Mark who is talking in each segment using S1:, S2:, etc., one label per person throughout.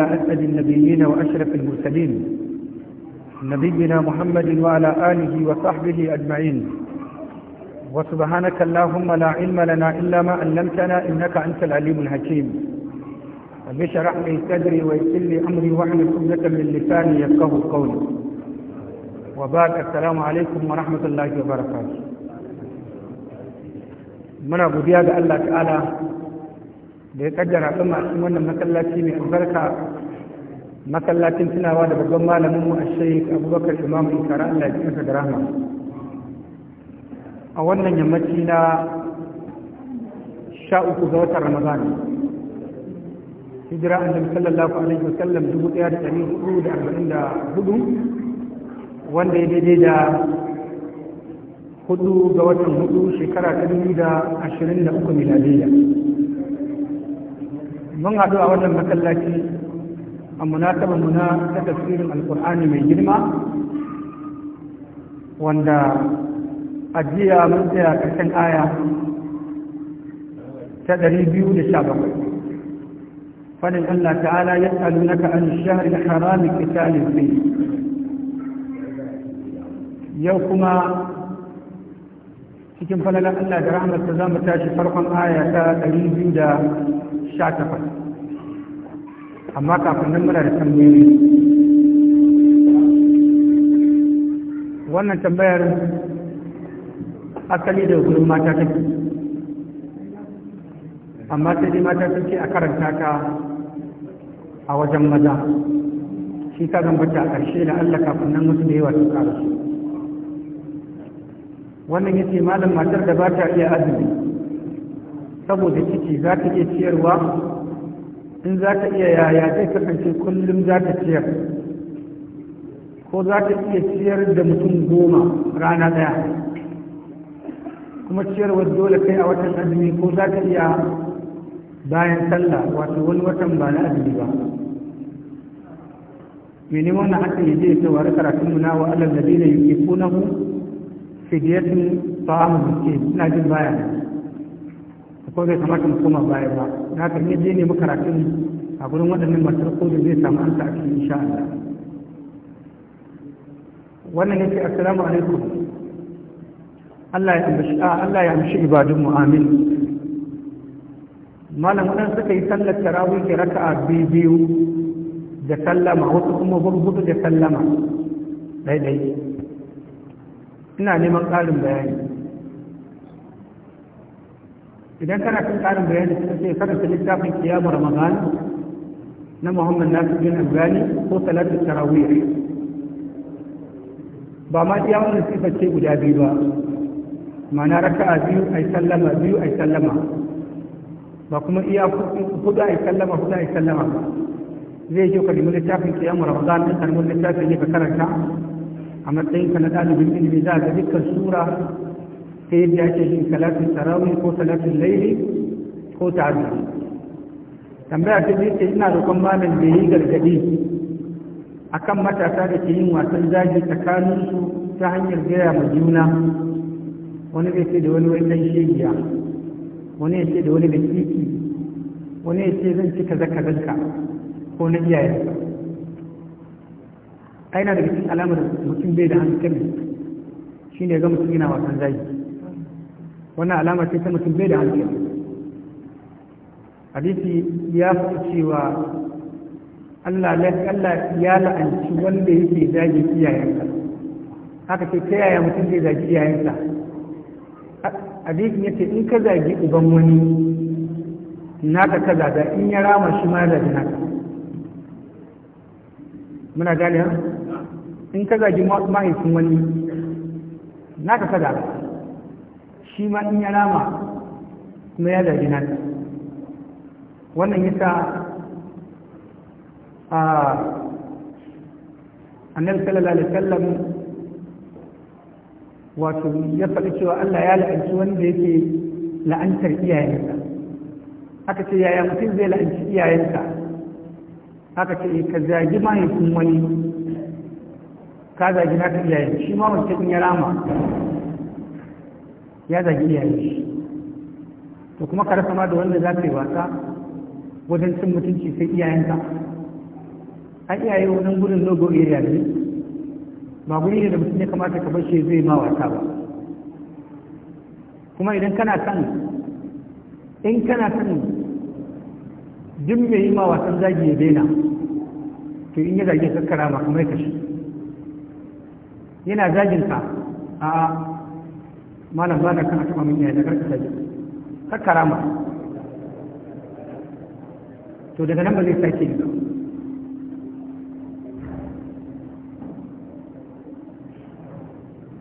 S1: أسعد النبيين وأشرف المرسلين نبينا محمد وعلى آله وصحبه أجمعين وسبحانك اللهم لا علم لنا إلا ما علمتنا إنك أنت العليم الحكيم وبشرح لي صدري ويسر لي أمري واحلل سنة من لساني يفقه قولي وبعد السلام عليكم ورحمة الله وبركاته من أبو دياب الله تعالى da ya kaddara ɗin masu wannan masallaci mai albarka masallacin tunawa da babban malamin mu a shaikh abubakar imamu ikara allah ya kasa da rahama a wannan yammaci na sha uku ga watan ramadan hijira annabi sallallahu alaihi wasallam dubu ɗaya da ɗari hudu da arba'in da hudu wanda ya daidai da hudu ga watan hudu shekara ta dubu da ashirin da uku miladiyya mun haɗu a wannan masallaci a munasabar mu na ta tafsirin Alƙur'ani mai girma wanda ajiya mun tsaya ƙarshen aya ta ɗari biyu da sha bakwai fadin Allah ta'ala ya tsalu na ka'an shahar da harami kitalin fi yau kuma cikin falalar Allah da rahmatar za mu tashi farkon aya ta ɗari biyu da sha takwas amma kafin nan muna da tambayoyi wannan tambayar asali da gurin mata take amma sai dai mata ta ce a karanta ta a wajen maza shi ta bata a ƙarshe da allah kafin nan musu da yawa su karasu wannan ya ce malam matar da ba ta iya azumi saboda ciki za ta iya ciyarwa in za ta iya yaya zai kasance kullum za ta ciyar ko za ta iya ciyar da mutum goma rana ɗaya kuma ciyarwar dole kai a watan azumi ko za ta iya bayan sallah wato wani watan ba na azumi ba mene wannan haka yaje ya tawari karatun mu na wa alal ladina yuqifunahu fidyatun mu suke na jin baya ko zai kamata mu koma baya ba na haka ne ne mu karatun a gurin waɗannan matar da zai samu ansa a cikin insha Allah wannan yake assalamu alaikum Allah ya amshi ah, Allah ya amshi ibadun mu amin malam wadan suka yi sallar tarawih ki raka'a biyu da sallama wasu kuma gurgudu da sallama daidai ina neman ƙarin bayani إذا كان في العالم بيان التسليم فرق الإسلام في قيام رمضان نمهم الناس من أبغاني هو ثلاث التراويح بما تيام نسيب الشيء أجابيبا ما نارك أبيو أي سلم أبيو أي سلم بكم إيا خدا أي سلم خدا أي سلم زي جو قد يمون الشاف في قيام رمضان أنا مون الشاف في نفكرك أما تين كان تالي بالإنميزات ذكر سورة ta yadda ake yin salatin tarawih ko salatin laili ko ta'azzuri tambaya ta biyu ce ina roƙon malam da yi gargadi. akan matasa da ke yin wasan zagi tsakaninsu ta hanyar gaya ma juna wani zai ce da wani wai dan shegiya wani ya ce da wani da kiki wani ya ce zan ci kaza kazanka ko na iyayensa aina daga cikin alamar mutum bai da hankali shine ga mutum yana wasan zagi wannan alama ce ta mutum bai da hankali hadisi ya fi cewa Allah ya la'anci wanda yake zagi iyayensa haka ce ta yaya mutum zai zagi iyayensa ya ce in ka zagi uban wani naka ka zaga in ya rama shi ma zagi naka muna gane in ka zagi mahaifin wani naka ka zaga shi ma in ya rama kuma ya zargi nan wannan yasa a annabi sallallahu alaihi wasallam wato ya faɗi cewa Allah ya la'anci wanda yake la'antar iyayensa aka ce yaya mutum zai la'anci iyayensa aka ce ka zagi mahaifin wani ka zagi naka iyayen shi ma wancan ya rama ya zagi iya shi to kuma ka rasa ma da wanda za ka yi wasa wajen cin mutunci sai iyayenka an iyaye wajen gudun logo area ne ba guri ne da mutum ya kamata ka bar shi zai ma wasa ba kuma idan kana son in kana son duk mai yi ma wasan zagi ya daina to in ya zage kakkara ma kamar kashi yana zaginka a malam ba da kana taɓa min da karka sai kakkara ma to daga nan ba zai sake ba.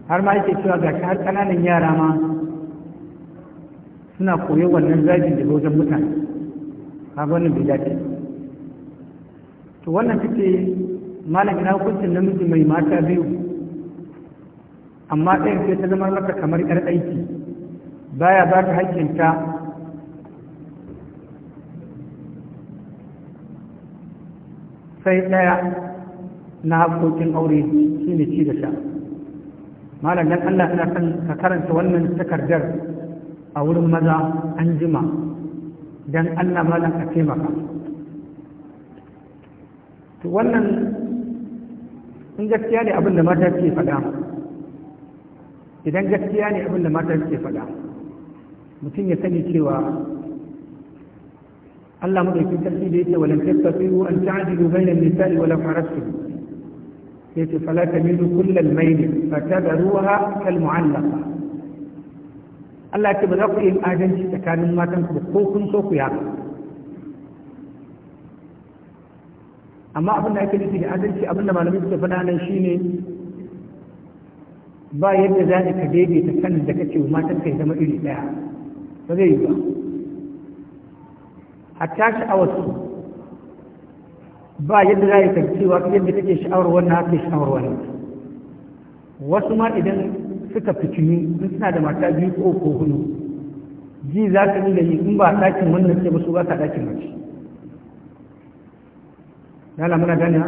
S1: har ma yake cewa gashi har ƙananan yara ma suna koyo wannan zagin da wajen mutane a wannan bai dace to wannan take malam ina hukuncin namiji mai mata biyu amma ɗayan sai ta zama maka kamar 'yar aiki baya ba ta haƙƙinta sai ɗaya na haƙoƙin aure shi ne ci da sha malam dan Allah suna kan ka karanta wannan takardar a wurin maza an jima dan Allah malam ka taimaka to wannan in gaskiya ne abin da mata ke faɗa idan gaskiya ne abinda mata suke faɗa mutum ya sani cewa Allah madaukin sarki da yake walan tattafiru an ta'dilu bainan nisa'i wala law harastu yace falata min kullal mayl fatadruha kal mu'allaqa Allah ce ba za ku yi adalci tsakanin matan ku ko kun so ku yaka amma abin da yake nufi da adalci abin da malamai suke faɗa nan shine ba yadda za ka daidaita sanin da kake matan kai zama iri daya ba zai yi ba A hatta sha'awarsu ba yadda za ka cewa yadda kake sha'awar wannan haka sha'awar wannan wasu ma idan suka fitini in suna da mata biyu ko ko hudu ji za ka nuna yi in ba a ɗakin wannan ce ba su ba ka ɗakin mace lala muna gane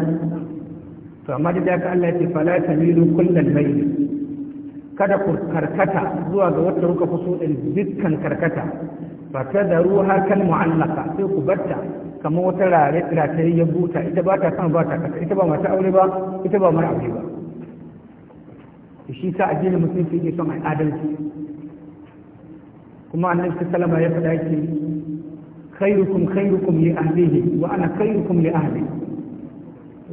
S1: to amma da ka Allah ya ce fala tamilu kullal mai kada ku karkata zuwa ga wata kuka fi so ɗin dukkan karkata ba ta da ruwa kan mu'allaka sai ku batta kamar wata rare rataye ya buta ita ba ta sama ba ta kasa ita ba mata aure ba ita ba mara aure ba shi sa addinin musulunci yake son adalci kuma annabi salama ya faɗa ke khairukum khairukum li ahlihi wa ana khairukum li ahli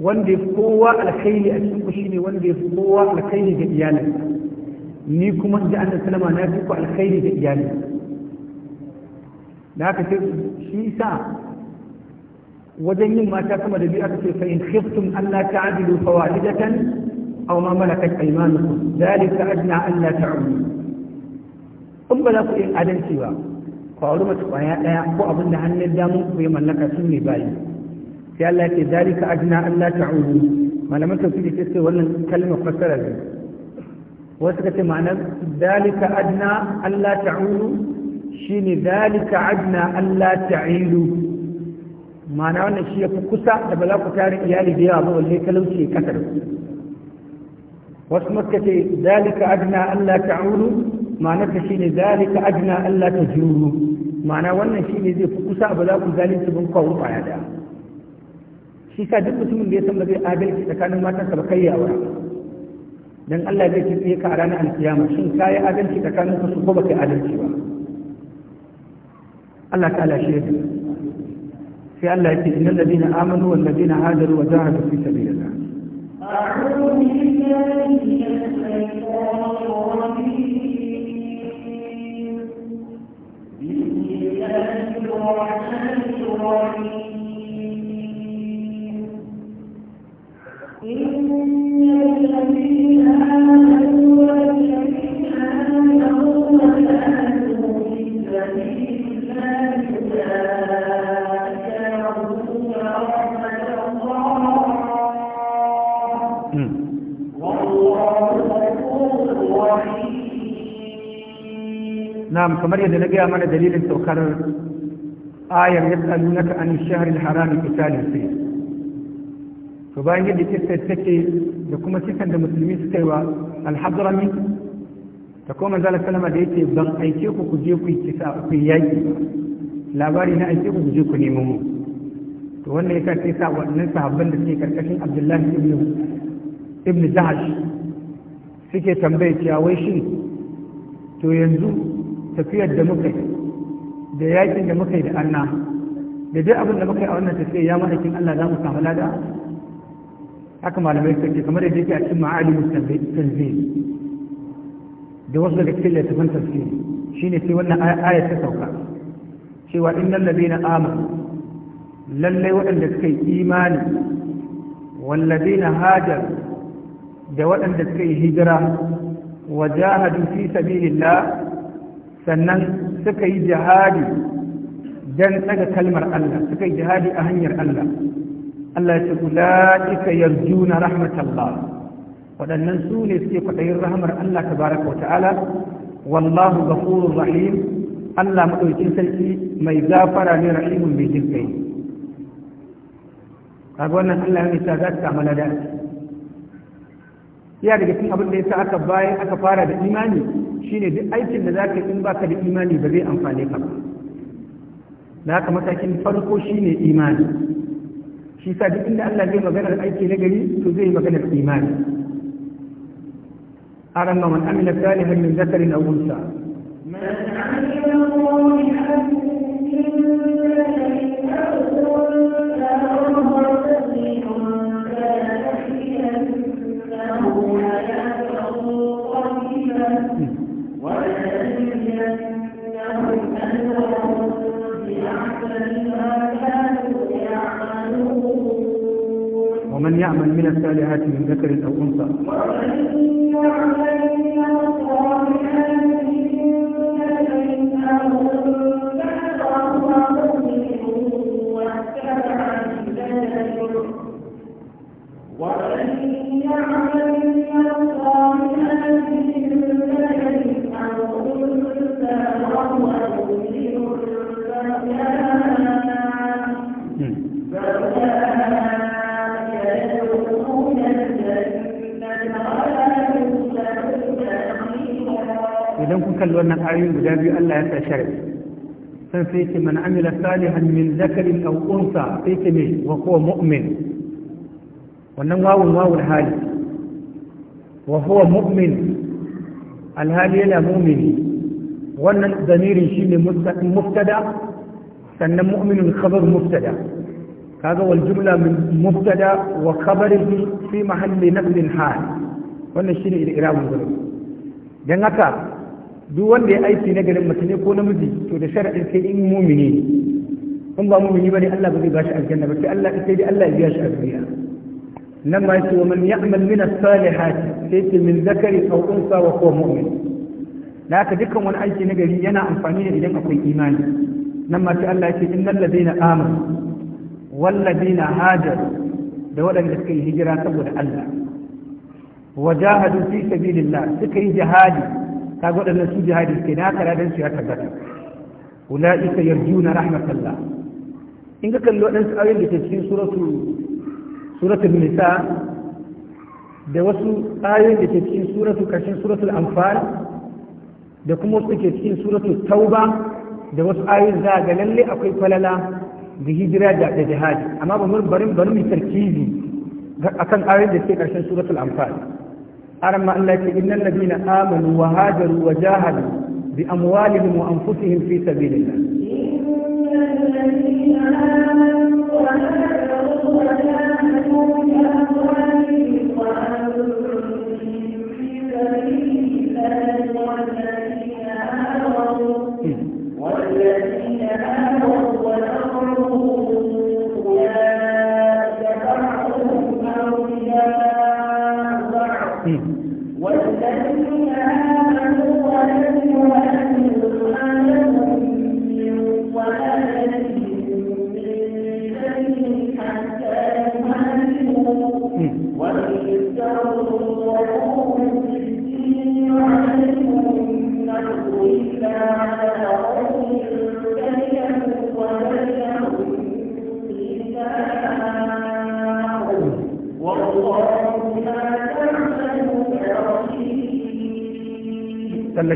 S1: wanda ya kowa alkhairi a cikin ku shine wanda ya fi kowa alkhairi ga iyalinsa ni kuma ji an salama na fi ku alkhairi da iyali da haka ce shi sa wajen yin mata sama da biyu aka ce fa in khiftum alla ta'dilu fawahidatan aw ma malakat aymanukum zalika adna alla ta'ulu in ba za ku yin adalci ba ku auri mace kwaya daya ko abin da hannun damun ku ya mallaka su ne bayi sai Allah ya ce zalika adna alla ta'ulu malaman tafsiri ce wannan kalmar fassara ne wasu ka ce ma'anar dalika adna Allah ta'ulu shi ne dalika adna Allah ta'ilu ma'ana wannan shi ya fi kusa da ba za ku tare iyali da yawa ba walle talauci kasar wasu masu ce dalika adna Allah ta'ulu ma'anar ta shi ne dalika adna Allah ta ma'ana wannan shi ne zai fi kusa ba za ku zalunci bin kawo kwaya da shi ka duk mutumin da ya san ba zai adalci tsakanin matansa ba kai yawa dan Allah zai tafiye ka a ranar alkiyama shin ka yi adalci tsakanin ka su ko baka yi adalci ba Allah ta lashe shi sai Allah yake inna ladina amanu wal ladina hajaru wa jahadu fi sabilillah
S2: أعوذ بالله من الشيطان الرجيم بسم الله الرحمن الرحيم
S1: na'am kamar yadda na gaya mana dalilin saukar ayar yas'alunaka an shahril harami qitalin fi to bayan yadda kissa take da kuma kisan da musulmi suka yi wa alhadrami da kuma manzo sallama da yake ban aike ku ku je ku yi kisa ku yaki labari na aike ku je ku nemo mu to wannan yasa sai sa wannan sahabban da suke karkashin Abdullahi ibn ibn Jahash suke tambaye cewa wai to yanzu tafiyar da muka yi da yakin da muka yi da anna da duk abin da muka yi a wannan tafiyar ya ma'aikin Allah za mu samu lada haka malamai suke kamar yadda yake a cikin ma'alimu tanzil da wasu daga cikin littafin tafsiri shine sai wannan ayat ta sauka cewa innal ladina amanu lallai waɗanda suka yi imani wallazina hajar da waɗanda suka yi hijira wajahadu fi sabilillah sannan suka yi jihadi don tsaga kalmar Allah suka yi jihadi a hanyar Allah Allah ya ce ula'ika yarjuna rahmatallah waɗannan su ne suke kwaɗayin rahmar Allah tabaraka wa ta'ala wallahu ghafurur rahim Allah madaukin sarki mai gafara ne rahimun bai jin kai kaga wannan Allah ya nisa za ta samu lada ya daga cikin abin da ya sa aka bayan aka fara da imani shine duk aikin da zaka in baka da imani ba zai amfane ka ba da haka matakin farko shine imani shi sa duk inda Allah zai maganar aiki na gari to zai maganar imani aran ma man amila salihan min zakarin aw unsa
S2: man amila salihan min zakarin aw unsa
S1: ومن يعمل من الصالحات من ذكر أو أنثى wannan ayoyin guda biyu Allah ya sa shari'a san sai ce man amila salihan min zakarin aw unsa sai wa huwa mu'min wannan wawun hali wa huwa mu'min alhali yana mu'mini wannan zamirin shine mubtada sannan mu'minun khabar mubtada kaga wal jumla min mubtada wa fi mahalli nafsin hal wannan irabun dan haka duk wanda ya aiki na garin mace ne ko namiji to da shari'in sai in mumini in ba mumini bane Allah ba zai bashi aljanna ba sai Allah sai dai Allah ya biya shi a aljanna nan ma yace wa man ya'mal min as-salihati sai ce min zakari aw unsa wa huwa mu'min na haka dukkan wani aiki na gari yana amfani ne idan akwai imani nan ma sai Allah yace innal ladina amanu wal ladina hajaru da waɗanda suka yi hijira saboda Allah wajahadu fi sabilillah suka yi jihadi kaga waɗannan su jihadi ke na haka ladan su ya tabbata ulaika yarjuna rahmatallah in ka kalli waɗansu ayoyin da ke cikin suratul suratul nisa da wasu ayoyin da ke cikin suratul karshen suratul anfal da kuma wasu ke cikin suratul tauba da wasu ayoyin za ga lalle akwai falala da hijira da jihadi amma ba mun bari bari mu tarkizi akan ayoyin da ke karshen suratul anfal أرمى أن لك إن الذين آمنوا وهاجروا وجاهدوا بأموالهم وأنفسهم في سبيل الله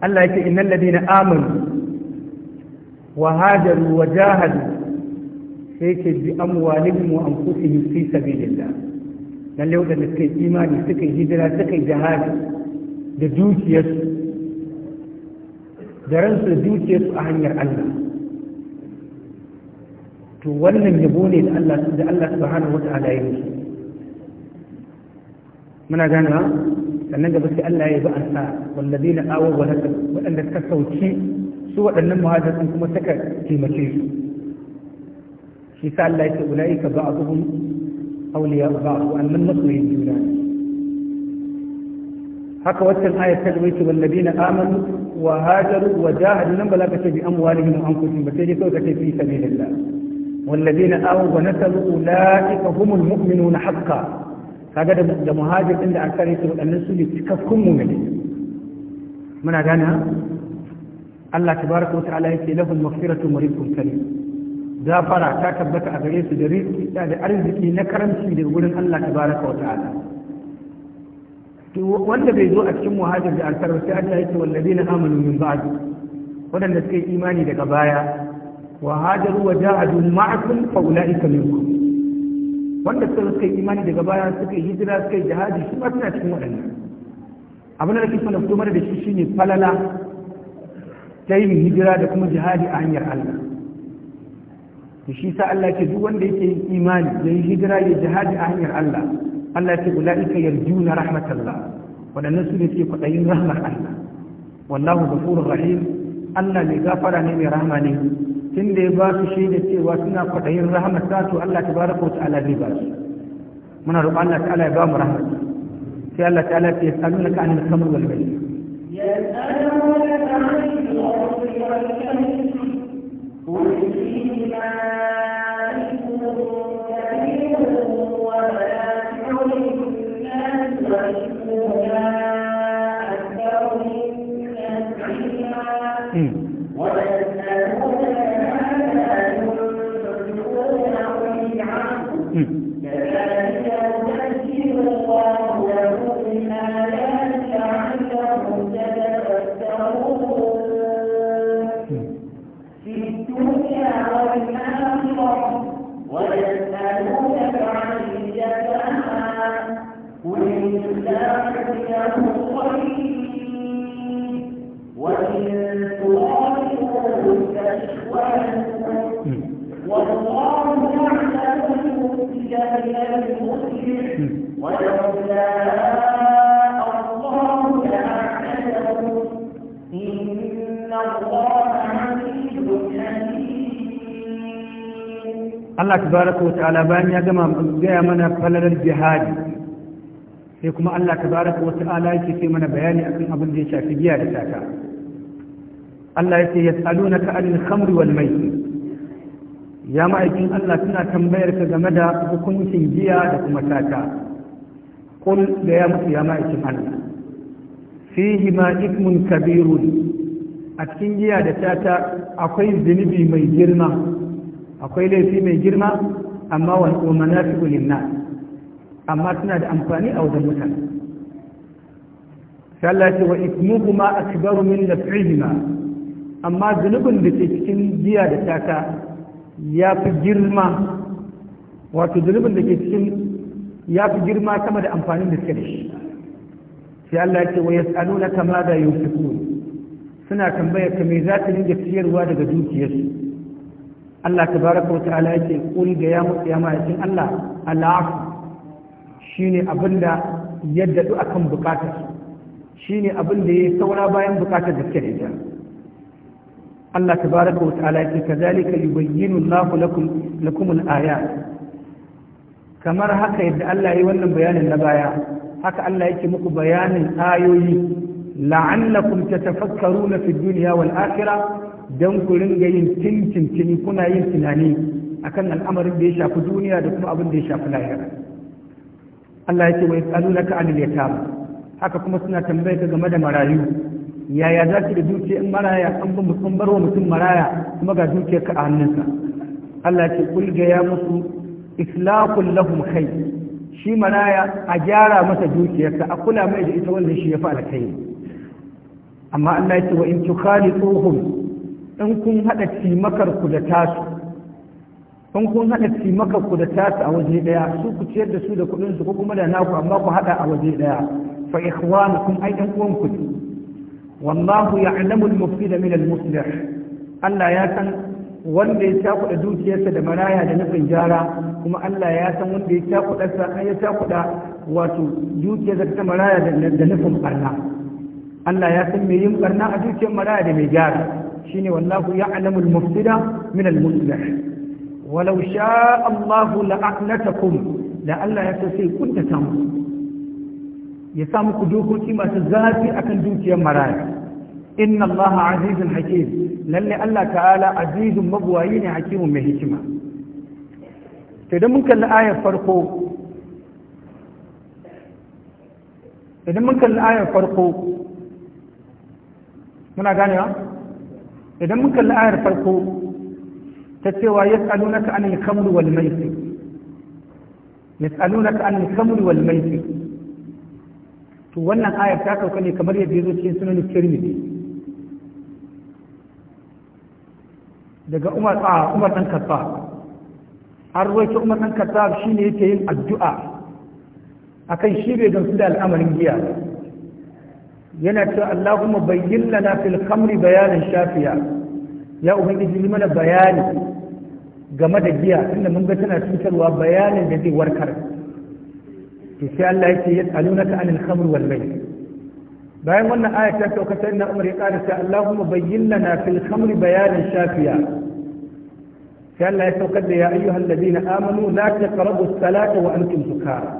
S1: Allah yake innal ladina amanu wa hajaru wa jahadu sai yake bi amwalihim wa anfusihim fi sabilillah lalle wadanda suka yi imani suka yi hijira suka yi jihadi da dukiyarsu da ransu da dukiyarsu a hanyar Allah to wannan yabo ne da Allah da Allah subhanahu wata'ala ya yi muna gana sannan gaba sai Allah ya yi ba'ansa wallazina awaw wa nasr waɗanda suka sauki su waɗannan muhajirin kuma suka taimake su shi sa Allah ya ce ulaika ba'dhum awliya ba'd wa annam masoyin juna haka waccan ayat ta gaba ce na amanu wa hajaru wa jahadu nan ba za ka ce bi amwalihim wa anfusihim ba sai dai kawai ka ce fi sabilillah na awaw wa nasr ulaika humul mu'minuna haqqan kaga da muhajir din da ansari su waɗannan su ne cikakkun mu'mini muna gane Allah tabaraka wa ta'ala yake lahum maghfiratun wa rizqun karim gafara ta tabbata a gare su da rizqi da arziki na karamci daga gurin Allah tabaraka wa ta'ala to wanda bai zo a cikin muhajir da ansar sai Allah yake wallazina amanu min ba'd wadanda suka yi imani daga baya wa hajaru wa jahadu ma'akum fa ulaika minkum wanda suka yi imani daga baya suka yi hijira suka yi jihadi su ma suna cikin waɗannan abin da nake so mana da shi ne falala ta yin hijira da kuma jihadi a hanyar Allah to shi sa Allah ke duk wanda yake imani ya yi hijira ya jihadi a hanyar Allah Allah ce ulaika yarjuna rahmatallah waɗannan su ne suke kwaɗayin rahmar Allah wallahu ghafurur rahim Allah mai gafara ne mai rahama ne tun da ya ba su shi da cewa suna kwaɗayin rahamar ta to Allah ta baraka wata ala zai ba su muna roƙon Allah ta'ala ya ba mu rahama sai Allah ta'ala ya ce sanuna da anil kamar
S2: wal
S3: Allah tabaraka wa ta'ala bayan ya
S1: gama gaya mana falalar jihadi sai kuma Allah tabaraka wa ta'ala yake sai mana bayani akan abin da ya shafi giya da tata. Allah ya ce yas'alunaka anil khamri wal maisir ya ma'aikin Allah suna tambayar ka game da hukuncin giya da kuma tata, kul da ya mutu ya ma'aikin Allah fihi ma ismun kabirun a cikin giya da tata akwai zunubi mai girma akwai laifi mai girma amma wa manafi'u linnas amma suna da amfani a wajen mutane sallah ce wa ismuhuma akbaru min naf'ihima amma zunubin da ke cikin giya da taka ya fi girma wato zunubin da ke cikin ya fi girma sama da amfanin da suke da shi sai Allah ce wa yas'alunaka ma da yunfiqun suna tambayar ka me za ta dinga ciyarwa daga dukiyarsu Allah tabaraka wa ta'ala yake kuri da ya mutu ya mahaifin Allah al'afu ne abin da ya dadu akan bukatar ne abin da ya saura bayan bukatar da kake da ita Allah tabaraka wa ta'ala yake kazalika yubayyinu Allahu lakum lakum al-ayat kamar haka yadda Allah ya yi wannan bayanin na baya haka Allah yake muku bayanin ayoyi la'allakum tatafakkaruna fid dunya wal akhirah don ku ringa yin tintintini kuna yin tunani akan al'amarin da ya shafi duniya da kuma abin da ya shafi lahira Allah ya ce wai tsaluna ka anil yatama haka kuma suna tambaye ka game da marayu yaya za ki da in maraya an bi mutum barwa mutum maraya kuma ga dukiyar ka a hannunsa Allah ya ce kulga ya musu islaqul lahum shi maraya a gyara masa dukiyarsa a kula mai da ita wanda shi ya fi alkhairi amma Allah ya ce wa in tsohon. in kun haɗa cimakar ku da tasu in kun haɗa cimakar ku da tasu a waje ɗaya su ku ciyar da su da kuɗin su ko kuma da naku amma ku haɗa a waje ɗaya fa ikhwanukum ay ɗan uwan ku wallahu ya'lamu al-mufsida min al-muslih Allah ya san wanda ya takuɗa dukiyarsa da maraya da nufin gyara kuma Allah ya san wanda ya takuɗa sa ya takuɗa wato dukiyarsa ta maraya da nufin barna Allah ya san me yin barna a dukiyar maraya da mai gyara shine wallahu ya'lamul mufsida min al-muslih walau sha Allahu la'anatakum da Allah ya so sai kuntata muku ya sa muku dokoki masu zafi akan dukiyar maraya inna Allah azizun hakim lalle Allah ta'ala azizun mabwayi ne hakimun mai hikima to idan mun kalli ayar farko idan mun kalli ayar farko muna ganewa idan mun kalli ayar farko ta cewa ka anil khamr wal na ka anil khamr wal maisir to wannan ayar ta kauka ne kamar yadda zo cikin sunan tirmidhi daga Umar a Umar dan Khattab har wace Umar dan shi shine yake yin addu'a akan shi bai gamsu da al'amarin giya yana cewa Allahumma bayyin lana fil khamri bayanin shafiya ya ubangiji yi mana bayani game da giya inda mun ga tana cutarwa bayanin da zai warkar to sai Allah yake ya tsalunaka anil khamr wal mai bayan wannan aya ta sauka sai na umar ya ƙara sai Allahumma bayyin lana fil khamri bayanin shafiya sai Allah ya saukar da ya ayyuhal ladina amanu la taqrabu as-salata wa antum sukara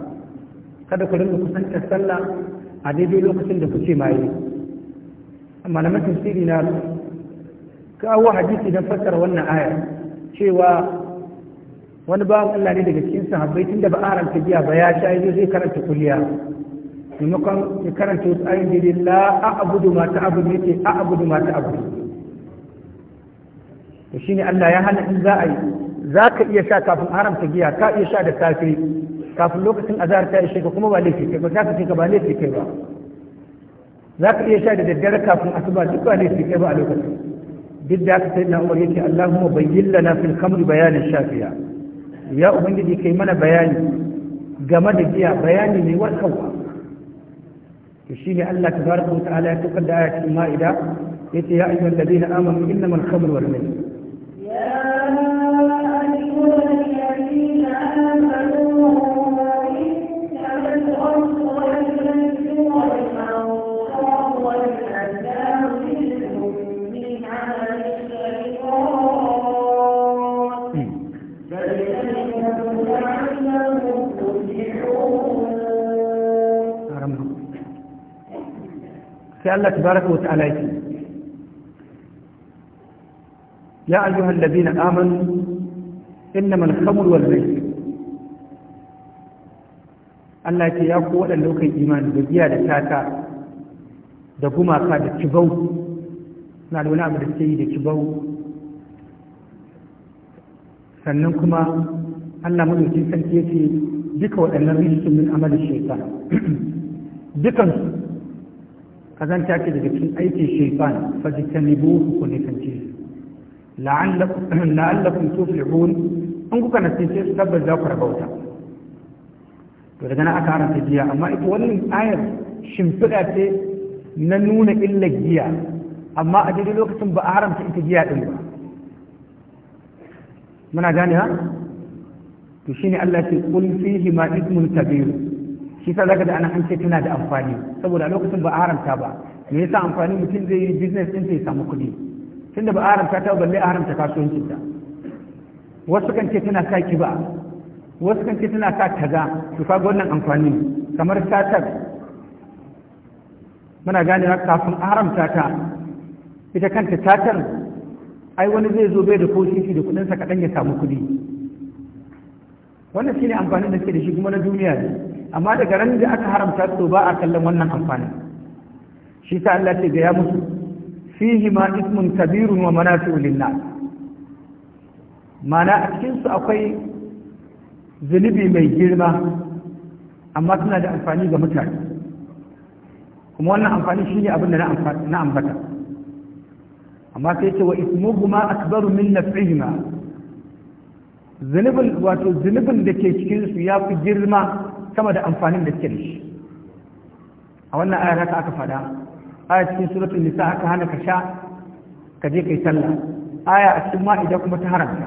S1: kada ku rinka kusantar sallah a daidai lokacin da kuke maye malaman tafsiri na kawo hadisi don fassara wannan aya cewa wani bawan Allah ne daga cikin sahabbai tunda ba aran ta giya ba ya sha yazo zai karanta kulliya maimakon ya karanta wasu ayin daidai la a'budu ma ce a a'budu ma abu to shine Allah ya hana in za a yi za ka iya sha kafin haramta giya ka iya sha da safe. kafin lokacin azhar ta ishe ka kuma ba laifi kai ba za ka ce ka ba laifi kai ba za ka iya sha da daddare kafin asuba duk ba laifi kai ba a lokacin duk da aka sai na umar yake Allahumma bayyin lana fil kamri bayanin shafiya ya ubangiji kai mana bayani game da giya bayani mai warkarwa to shine Allah tabaraka wa ta'ala ya tukar da ayatul ma'ida yace ya ayyuhal ladina amanu innamal khamru wal maisir sai Allah tabaraka wa ta'ala yake ya ayyuhal ladina amanu innamal khamr wal maisir Allah ce ya ku waɗanda kuka imani da giya da tata da gumaka da kibau na da wani abu da suke yi da kibau sannan kuma Allah madaukin sarki yake duka waɗannan rikicin min amalin shaitan dukansu ta ce daga cikin aikin shaitan fajitanibu ku nisance la'allakum tuflihun in kuka nasance su tabbas za ku rabauta to daga nan aka haramta giya amma ita wannan ayar shimfiɗa ce na nuna illar giya amma a daidai lokacin ba a haramta ita giya ɗin ba muna gane ha to shine Allah ya ce kul fihi ma ismun kabiru shi sa zaka da ana an ce tana da amfani saboda lokacin ba a haramta ba me yasa amfani mutum zai yi business din sai ya samu kuɗi tunda ba a haramta ta balle a haramta kasuwancin ta wasu kan ce tana sa ba wasu kan ce tana sa kaza to kaga wannan amfani kamar satar muna na kafin a haramta ta ita kanta satar ai wani zai zo bai da ko shi da kuɗinsa kaɗan ya samu kuɗi wannan shine amfanin da ke da shi kuma na duniya ne amma daga ran da aka haramta su ba a kallon wannan amfani shi sa Allah ce ga ya musu fihi ma ismun kabirun wa manafi'u linnas mana a cikin su akwai zunubi mai girma amma suna da amfani ga mutane kuma wannan amfani shine abin da na ambata amma sai ce wa ismuhuma akbaru min naf'ihima zunubin wato zunubin da ke cikin su ya fi girma sama da amfanin da suke da shi a wannan ayar haka aka fada aya cikin suratul nisa aka hana ka sha ka je ka yi sallah aya a cikin ma'ida kuma ta haramta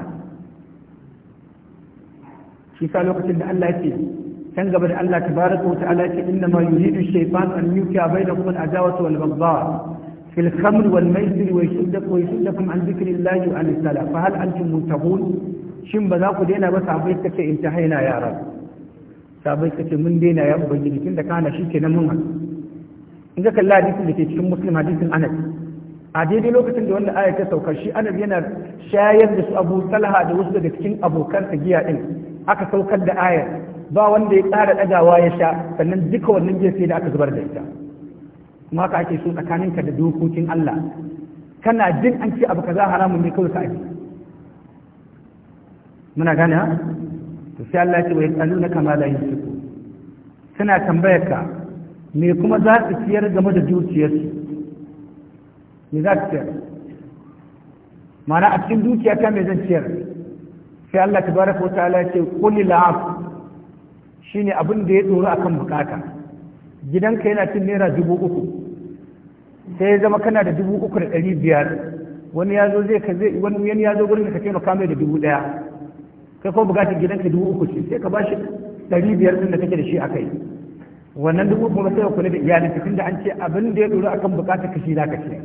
S1: shi sa lokacin da Allah yake can gaba da Allah tabaraka wa ta'ala yake inna ma yuridu shaytan an yuqiya bainakum al-adawata wal baghdha في الخمر والميسر ويشدك ويشدكم عن ذكر الله وعن الصلاة فهل أنتم منتهون شن بذاك دينا بس عبيتك انتهينا يا رب sabai ka ce mun daina ya ubangiji tun da kana shi ke nan mun in ka kalli hadisin da ke cikin muslim hadisin anas a daidai lokacin da wannan aya ta sauka shi anas yana shayar da su abu talha da wasu daga cikin abokansa giya din aka saukar da ayar ba wanda ya tsara ɗagawa ya sha sannan duka wannan giya sai da aka zubar da ita kuma haka ake so tsakaninka da dokokin Allah kana jin an ce abu kaza haramun ne kawai ka aji muna gane to sai Allah ya ce wa yasaluna kama la yunfiqu suna tambayar ka me kuma za su ciyar game da dukiyarsu me za su ciyar ma'ana a cikin dukiya ta me zan ciyar sai Allah ta wa ta'ala ya ce kulli la'af shine abin da ya tsoro akan bukata gidanka yana cin naira dubu uku sai ya zama kana da dubu uku da ɗari biyar wani ya zo zai ka zai wani ya zo gurin ka taimaka mai da dubu ɗaya kai ko bukatar gidanka dubu uku ce sai ka ba shi ɗari biyar ɗin da kake da shi a kai wannan dubu kuma sai ka kula da iyalinka tunda an ce abin da ya ɗoro akan bukatar kashi za ka ce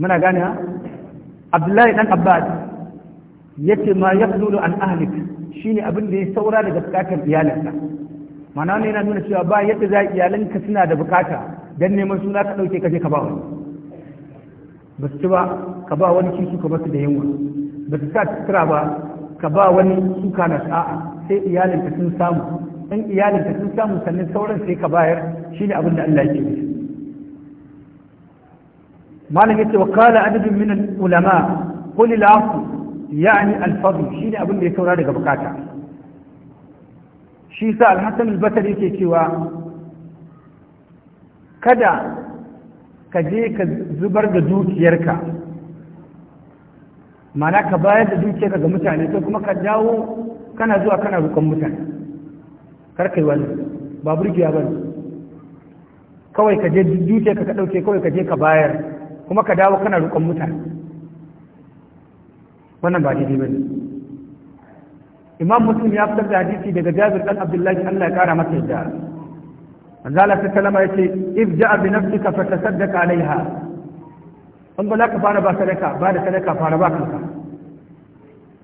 S1: muna gane ha abdullahi dan abbas ya ce ma ya an ahlik shine abin da ya saura daga bukatar iyalinka mana ne yana nuna cewa ba yadda za iyalinka suna da bukata dan neman suna ka ɗauke ka je ka ba wani ba su ci ba ka ba wani kisu ka basu da yunwa ba ta sa sutura ba ka ba wani suka na sa'a sai iyalinta sun samu in iyalinta sun samu sannan sauran sai ka bayar shine abin da Allah yake nufi malam yace wa qala adadun min ulama qul al-afu yani al-fadl shine abin da ya saura daga bukata shi sa al-hasan al-basri yake cewa kada ka je ka zubar da dukiyarka mana ka bayar da dukiyarka ga mutane sai kuma ka dawo kana zuwa kana rukon mutane kar kai wani ba burgiya ba kawai ka je dukiyarka ka ka ɗauke kawai ka je ka bayar kuma ka dawo kana rukon mutane wannan ba daidai ba ne imam muslim ya fitar da hadisi daga jabir dan abdullahi allah ya kara masa yadda manzala ta kalama ya ce if ja'a bi nafsika fa tasaddaqa alaiha an ba za ka fara ba sadaka ba da sadaka fara ba kanka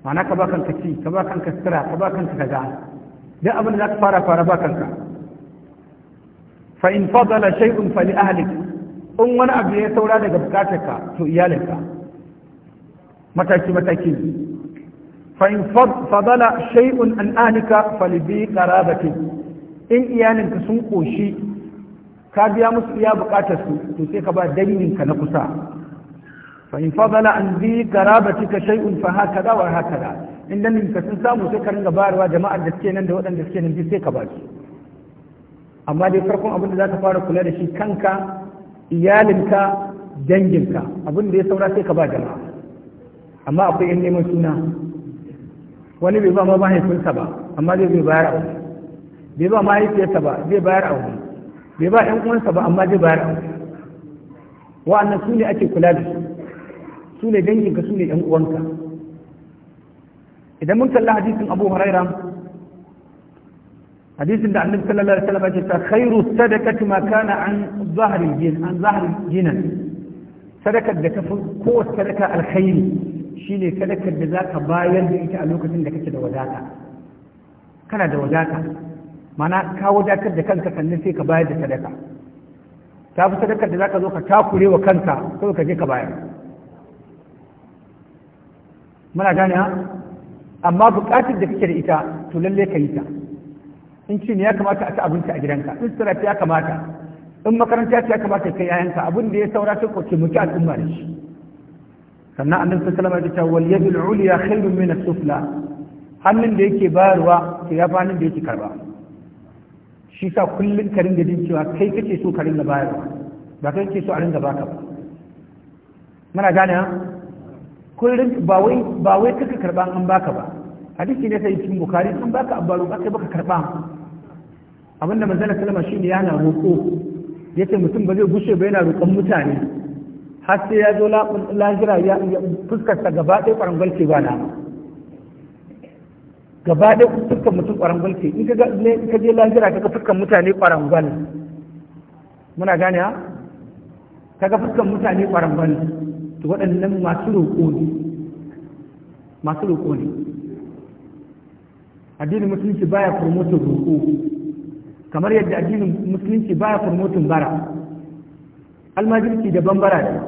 S1: ma'ana ka ba kanka ci ka ba kanka sutura ka ba kanka kaza duk abin da za ka fara fara ba kanka fa in fadala shay'un fa li ahlik in wani abu ya saura daga bukatarka to iyalinka mataki mataki fa in fadala shay'un an ahlika fa li bi qarabati in iyalinka sun koshi ka biya musu iya bukatarsu to sai ka ba dalilinka na kusa fa'in fadala an zi karabatika shay'un fa hakaza wa hakaza in dan ka sun samu sai ka ringa bayarwa jama'ar da suke nan da waɗanda suke nan sai ka baki amma dai farkon abin da za ka fara kula da shi kanka iyalinka danginka abin da ya saura sai ka ba jama'a amma akwai yan neman suna wani bai ba ma mahaifinsa ba amma zai bai bayar a wani bai ba mahaifiyarsa ba zai bayar a wani bai ba ƴan uwansa ba amma zai bayar a wani wa'annan su ne ake kula da su su ne danginka su ne ‘yan uwanka idan mun kalla hadisin abu huraira hadisin da annabi sallallahu alaihi wasallam ya ce khairu sadaqati ma kana an zahri jin an zahri jinan sadakar da ta fi kowace sadaka alkhairi shine sadakar da zaka bayar da ita a lokacin da kake da wadata kana da wadata mana ka wadatar da kanka sannan sai ka bayar da sadaka ta fi sadakar da zaka zo ka takure wa kanka sai ka je ka bayar muna gane ha amma buƙatar da kake da ita to lalle ka yi ta in ci ne ya kamata a ci abinci a gidanka in sura ya kamata in makaranta ya kamata kai yayanka abin da ya saura ta ko mutu al'umma da shi sannan annabi sallallahu alaihi wasallam ya ce wal yadul ulya khairun min as-sufla hannun da yake bayarwa ke ya fanin da yake karba shi sa kullum ka ringa jin cewa kai kake so ka ringa bayarwa ba kai kake so a ringa baka ba muna gane ha kullum ba wai ba wai kaka karba an baka ba hadisi ne sai cikin bukari an baka abbaru sai baka karba abinda manzala sallama shine yana roƙo yace mutum ba zai gushe ba yana roƙon mutane har sai ya zo lahira ya fuskarsa gaba ɗaya ƙwarangwal ce ba na. gaba ɗaya fuskar mutum ƙwarangwal ce in ka je lahira ka ga fuskar mutane ƙwarangwal muna gane ha ka ga fuskar mutane ƙwarangwal to waɗannan masu roƙo ne masu roƙo ne addinin musulunci baya promotin roƙo kamar yadda addinin musulunci baya promotin bara almajirci daban bara ne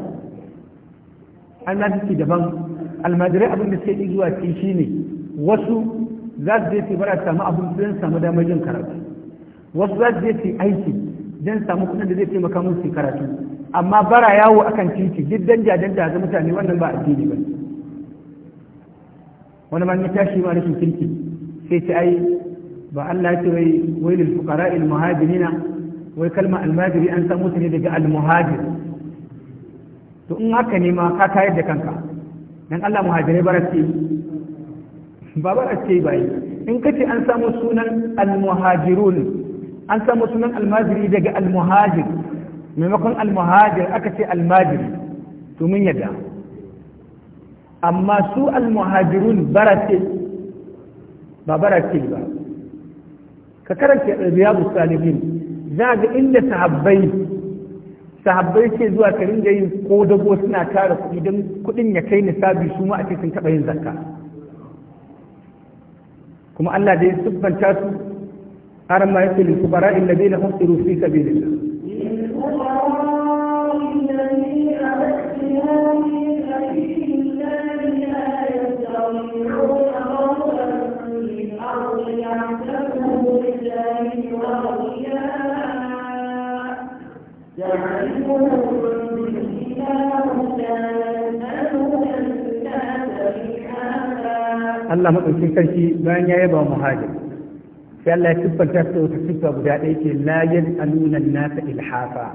S1: almajirci daban almajirai abin da sai zuwa ci ne, wasu za su je su bara samu abin don samu damar yin karatu wasu za su je su aiki don samu kuɗin da zai taimaka musu karatu amma bara yawo akan titi duk danja danja ga mutane wannan ba addini ba wani ma ya tashi ma rashin kirki sai ta ai ba Allah ce wai wai lil fuqara al muhajirina wai kalma al muhajiri an samu ta ne daga al muhajir to in haka ne ma ka tayar da kanka dan Allah muhajirai barat ce ba barat ce ba in kace an samu sunan al muhajirun an samu sunan al muhajiri daga al muhajir maimakon almuhajir aka ce almajiri to mun yadda amma su almuhajirun barate ba barate ba ka karanta riyadu salihin za ga inda sahabbai sahabbai ce zuwa ka ringa yin ko dago suna tara kuɗi don kuɗin ya kai nisabi su ma a ce sun taɓa yin zakka kuma Allah da ya siffanta su har ma yake lil kubara alladhina husiru fi sabilillah Allah maɗaukin sarki bayan ya yaba muhajir sai Allah ya siffanta su wata siffa guda ɗaya ke la yas'aluna an-nasa ilhafa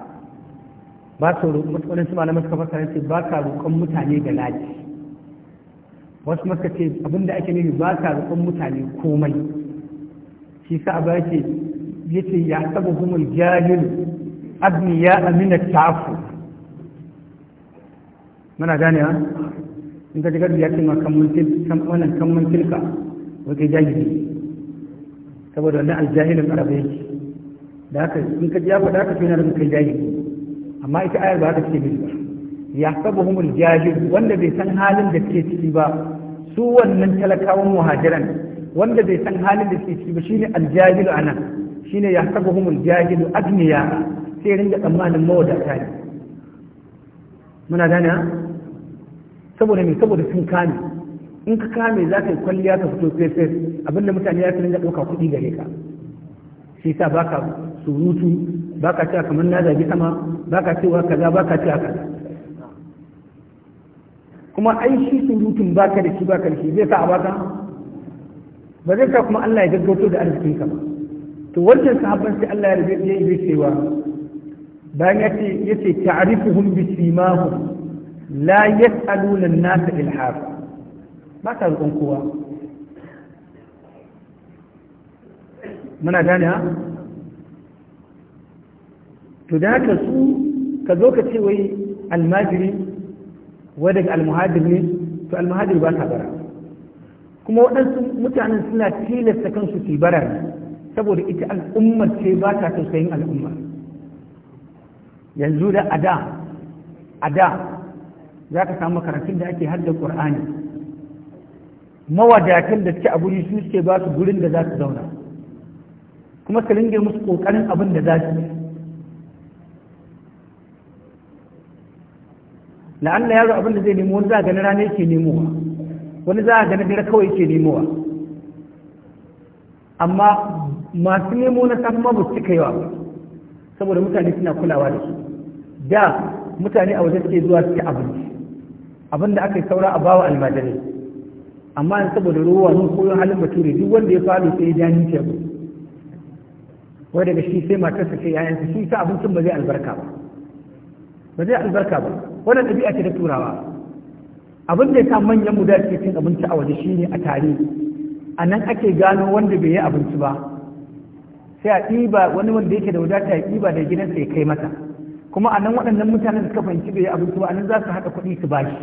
S1: ba su roƙon wadansu malamai suka fasara ce ba ka roƙon mutane da laji wasu masu ce abinda ake nufi ba ka roƙon mutane komai shi sa ba yake yace ya sabu humul jahil ya amina tafu muna gane ha in ka jigar ya cima wannan kamman tilka wata jahili saboda wannan aljahilin arabai yake da haka in ka ya faɗa ka fi na da kai jahili amma ita ayar ba ta ce mini ba ya saba humul jahil wanda bai san halin da ke ciki ba su wannan talakawan muhajiran wanda bai san halin da ke ciki ba shine aljahilu anan shine ya saba humul jahilu adniya sai ringa tsammanin mawadata ne muna gana saboda me saboda sun kame in ka kame za ka yi kwalliya ka fito sai abinda mutane ya ringa ɗauka kuɗi gare ka shi sa ba ka surutu ba ka cewa kamar na zagi sama ba ka cewa kaza ba ka cewa kaza kuma ai shi surutun ba ka da shi ba ka da shi zai sa a baka ba zai sa kuma Allah ya gaggauto da ka ba to wannan sahabban sai Allah ya rabe ya yi cewa bayan yace yace ta'rifuhum bisimahum la yas'aluna an-nas ilhaf ba ta rukun kowa muna gane ha to da haka su ka zo ka ce wai almajiri wai daga almuhajir ne to almuhajir ba ta bara kuma waɗansu mutanen suna tilasta kansu su bara ne saboda ita al'ummar ce ba ta tausayin al'ummar yanzu da ada ada za ka samu karatun da ake hadda ƙur'ani mawadatan da suke a guri su suke ba su gurin da za su zauna kuma su ringe musu ƙoƙarin abin da za su yi. la'alla yaro abin da zai nemo wani za a gani rana yake nemowa wani za a gani dare kawai yake nemowa amma masu nemo na samun mabu suka yawa saboda mutane suna kulawa da su da mutane a waje suke zuwa suke abinci abin da aka yi saura a bawa almajirai amma in saboda ruwa nun koyon halin bature duk wanda ya falo sai ya ja ce wai daga shi sai matarsa sai yayansa shi sa abincin ba zai albarka ba ba zai albarka ba wannan ɗabi'a ce ta turawa abin da ya sa manyan mu da cin abinci a waje shine a tare a nan ake gano wanda bai yi abinci ba sai a ɗiba wani wanda yake da wadata ya ɗiba da gidansa ya kai mata kuma a nan waɗannan mutanen da suka fahimci bai yi abinci ba a nan za su haɗa kuɗi su bashi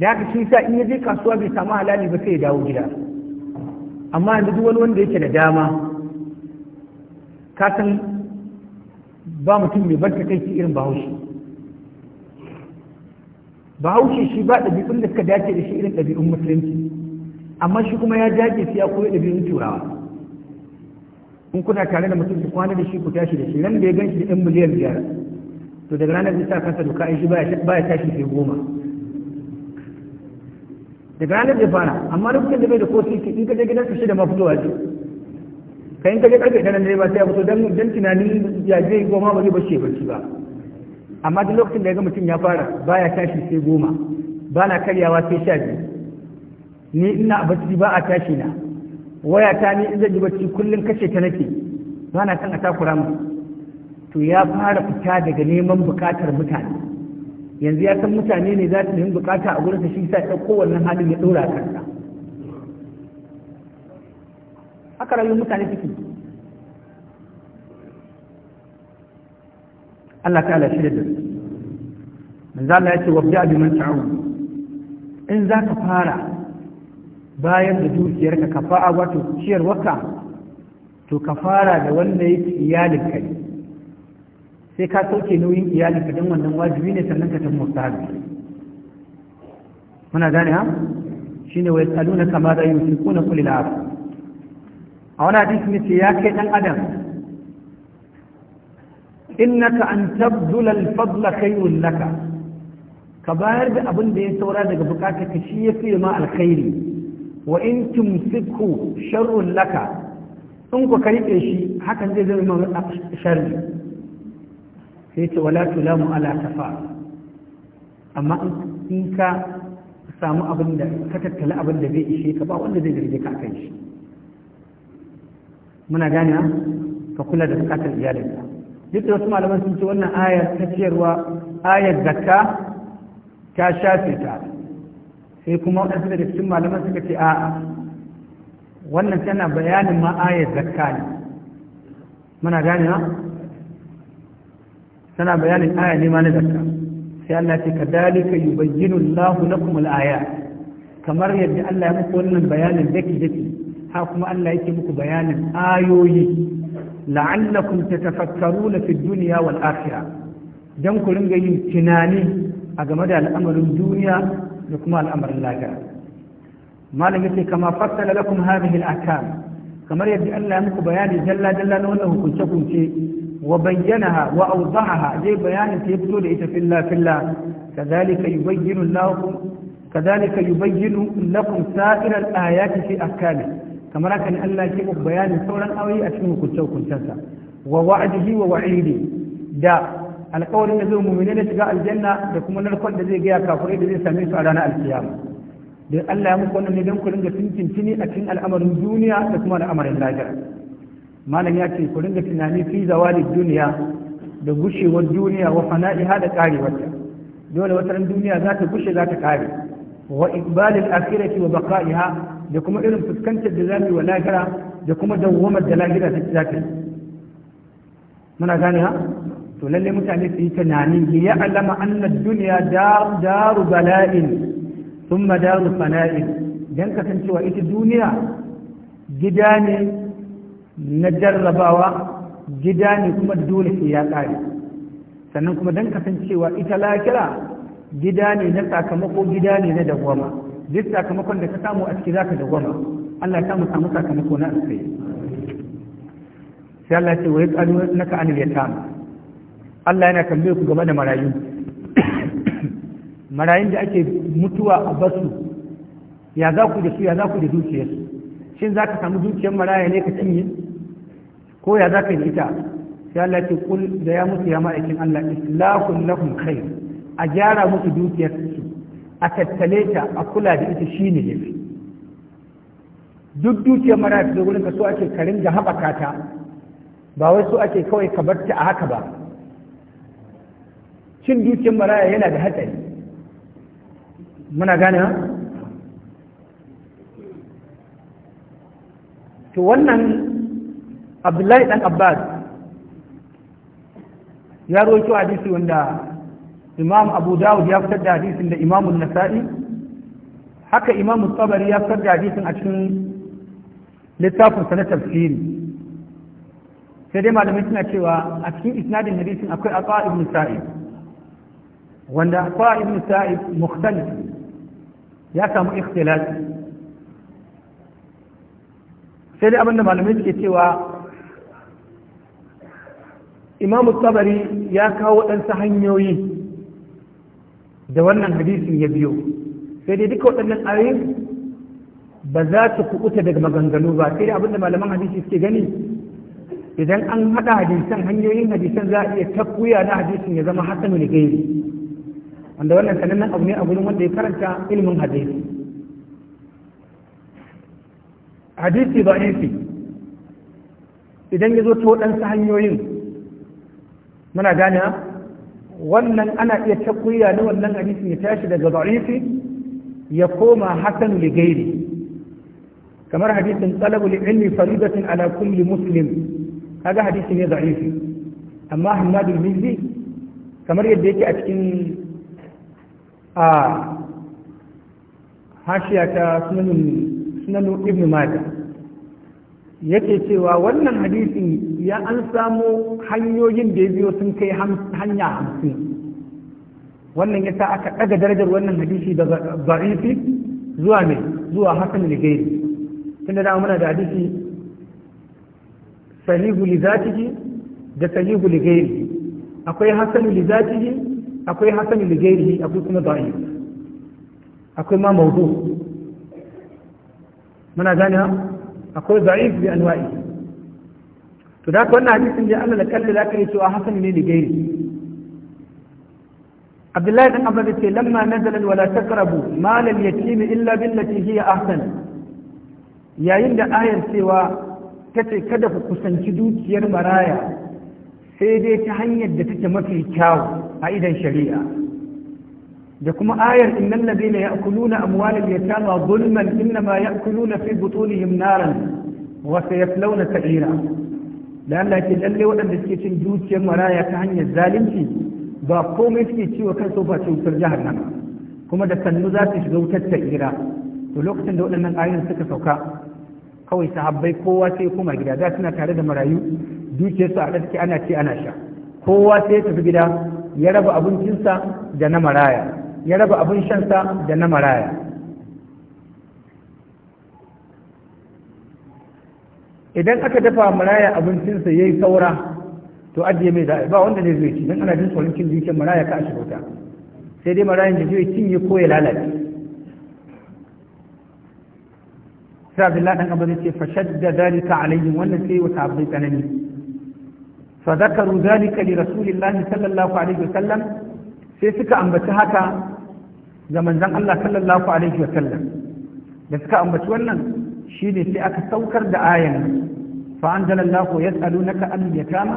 S1: da haka shi sa in ya je kasuwa bai samu halali ba sai ya dawo gida amma yanzu duk wani wanda yake da dama ka san ba mutum mai barka kai irin bahaushe bahaushe shi ba ɗabi'un da suka dace da shi irin ɗabi'un musulunci amma shi kuma ya dage su ya koyi ɗabi'un turawa in kuna tare da mutum su kwana da shi ku tashi da shi nan da ya ganshi da ɗan miliyan biyar to daga ranar zai sa kansa doka ai shi ba ya tashi sai goma daga ranar zai fara amma lokacin da bai da ko sisi in ka je gidan shi da ma fitowa ce ka in ka je karfe ɗan dare ba sai ya fito don dan tunani ya je goma ba zai bace bacci ba amma duk lokacin da ya ga mutum ya fara baya tashi sai goma ba na karyawa sai sha biyu ni ina bacci ba a tashi na waya ta ni in zan yi bacci kullum kashe ta nake ba na kan a takura mu to ya fara fita daga neman bukatar mutane yanzu ya san mutane ne za su nemi bukata a gurin shi sa ya kowanne halin ya dora kansa haka rayuwar mutane suke Allah ta'ala shi da manzo Allah ya ce bi'a bi man ta'awun in za ka fara Bayan da dukiyarka ka fa'a wato ciyar waka to ka fara da wanda ci iyalinka ne sai ka sauke nauyin iyalinka don wannan wajibi ne sannan ka tafi mustahabi muna gane ha wai wa na kama da yunfiquna qul lil a wani hadisi ne ce ya kai dan adam innaka an tabdula al-fadla khayrun laka ka bayar da abin da ya saura daga bukatar ka shi ya fiye ma alkhairi wa in tumsikhu sharrun laka in ku karɓe shi hakan zai zama mai sharri sai ce wala tulamu ala tafa amma in ka samu abin da ka tattala abin da zai ishe ka ba wanda zai garje ka kai shi muna gane ka kula da bukatar iyalinka duk da wasu malaman sun ce wannan ayar ta ciyarwa ayar zakka ta shafe ta sai kuma wadansu daga cikin malaman suka ce a wannan tana bayanin ma zakka ne muna gane ha tana bayanin aya ne ma na zakka sai Allah ce ka dalika yubayyinu Allahu lakum al-ayat kamar yadda Allah ya muku wannan bayanin daki daki ha kuma Allah yake muku bayanin ayoyi la'allakum tatafakkaruna fi dunya wal akhirah dan ku ringa yin tunani a game da al'amarin duniya da kuma al'amarin lafiya malam yace kama fassala lakum hadhihi al-ahkam kamar yadda Allah ya muku bayani dalla dalla na wannan hukunce hukunce wa bayyanaha wa awdahaha zai bayanin ya fito da ita filla filla kadhalika yubayyinu Allahu kadhalika yubayyinu lakum sa'ir al-ayati fi ahkami kamar haka ne Allah ya muku bayanin sauran ayoyi a cikin hukunce hukuncensa wa wa'dihi wa wa'idi da alƙawarin da zai mumine na shiga aljanna da kuma narkon da zai gaya kafirai da zai same su a ranar alkiyama da Allah ya muku wannan ne don ku ringa tuntuntuni a cikin al'amarin duniya da kuma al'amarin lahira malam ya ce ku ringa tunani fi zawali duniya da gushewar duniya wa fana'iha da karewarta dole wata duniya za ta gushe za ta kare wa iqbalil akhirati wa baqa'iha da kuma irin fuskantar da zamu wa lahira da kuma dawwamar da lahira ta za yi muna gane ha to lalle mutane su yi tunani li ya'lama anna ad-dunya daru bala'in thumma daru fana'in dan kasancewa ita duniya gida ne na jarrabawa gida ne kuma dole sai ya kare sannan kuma dan kasancewa ita lakira gida ne na sakamako gida ne na dawwama duk sakamakon da ka samu a ciki zaka dawwama Allah ya samu samu sakamako na alkhairi sai Allah ya ce wa yasalunaka anil yatama Allah yana tambaye ku game da marayu marayun da ake mutuwa a basu ya za ku da su ya za ku da dukiyar? shin za ka samu dukiyar maraya ne ka cinye ko ya za ka yi ita sai Allah ce kul da ya mutu ya ma'aikin Allah islahun lahum khair a gyara musu dukiyar su a tattale ta a kula da ita shine ne duk dukiyar maraya ta zo gurin ka so ake karin da haɓaka ta ba wai so ake kawai ka bar ta a haka ba cin dukiyar maraya yana da hatsari muna gane to wannan abdullahi dan abbas ya roƙi hadisi wanda imam abu dawud ya fitar da hadisin da imam nasa'i haka imam tabari ya fitar da hadisin a cikin littafin sa na tafsiri sai dai malamai suna cewa a cikin isnadin hadisin akwai aqwa ibn sa'id wanda fa ibn sa'id ya samu ikhtilaf sai dai abinda malamai suke cewa imamu tabari ya kawo waɗansu hanyoyi da wannan hadisin ya biyo sai dai duka waɗannan ayoyin ba za su kuɓuta daga maganganu ba sai dai abinda malaman hadisi suke gani idan an haɗa hadisan hanyoyin hadisan za a iya takuya na hadisin ya zama ne gairi wanda wannan sanannen abu ne a gurin wanda ya karanta ilimin hadisi hadisi ba idan ya zo ta waɗansu hanyoyin muna gane ah, wannan ana iya takuya na wannan hadisi ya tashi daga da'ifi ya koma hasan ligairi kamar hadisin talabul ilmi faridatin ala kulli muslim kaga hadisi ne da'ifi amma hammadul mizzi kamar yadda yake a cikin a hashiya ta sunanin ibn mata yake cewa wannan hadisin ya an samo hanyoyin da ya biyo sun kai hanya hamsin wannan ya sa aka ɗaga darajar wannan hadisi daga ba'ifi zuwa mai zuwa hasan ligeri tun da muna da hadisi sahihu li zatihi da sahihu li akwai hasan li zatihi akwai hasan ligairi akwai kuma da'i akwai ma maudu muna gane akwai da'if bi anwa'i to da ka wannan hadisin da Allah da kalli zaka yi cewa hasan ne da ligairi Abdullahi dan Abbas ce lamma nazala wala taqrabu mal al-yatim illa billati hiya ahsan yayin da ayar cewa ta ce kada ku kusanci dukiyar maraya sai dai ta hanyar da take mafi kyawu a idan shari'a da kuma ayar ya ladina ya'kuluna amwalal yatama zulman innama ya'kuluna fi butunihim ya wa sayaslawna sa'ira da Allah ke lalle waɗanda suke cin dukiyar maraya ta hanyar zalunci ba komai suke ciwo kan ba cin jihar nan, kuma da sannu za su shiga wutar ta'ira to lokacin da waɗannan ayoyin suka sauka kawai sahabbai kowa sai kuma gida da suna tare da marayu su a ɗarki ana ce ana sha kowa sai ya tafi gida ya raba abincinsa da na maraya ya raba abin shansa da na maraya idan aka dafa maraya abincinsa ya yi saura to ajiye mai za'a ba wanda zai zo ci don ana jin tsoron cin dukiyar maraya ka a shi sai dai marayan da zai cinye ko ya lalace sai abdullahi dan abu ce fa shadda zalika alaihim wannan sai wata wa sahabbai tsanani fa zakaru zalika li rasulillahi sallallahu alaihi wasallam sai suka ambaci haka ga manzon Allah sallallahu alaihi wasallam da suka ambaci wannan shine sai aka saukar da ayan fa anzalallahu yas'alunaka an yatama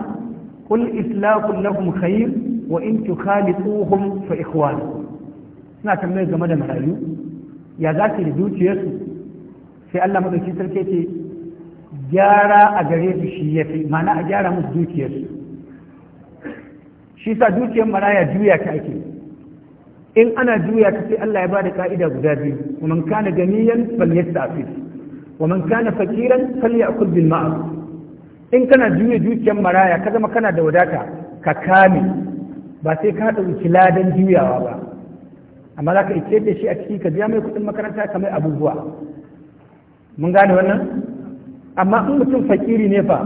S1: qul islaqu lahum khair wa in tukhaliquhum fa ikhwanukum suna tambaye game da marayu ya za da zuciyarsu sai Allah madaukin sarki ce gyara a gare su shi ya fi ma'ana a gyara musu dukiyarsu shi sa dukiyar maraya juya ta ake in ana juya ta sai Allah ya bada ka'ida guda biyu wa man kana ganiyan falyastafif wa man kana fakiran falyakul bil ma'a in kana juya dukiyar maraya ka zama kana da wadata ka kame ba sai ka ɗauki ladan juyawa ba amma za ka ice da shi a ciki ka biya mai kuɗin makaranta ka mai abubuwa mun gane wannan amma in mutum fakiri ne fa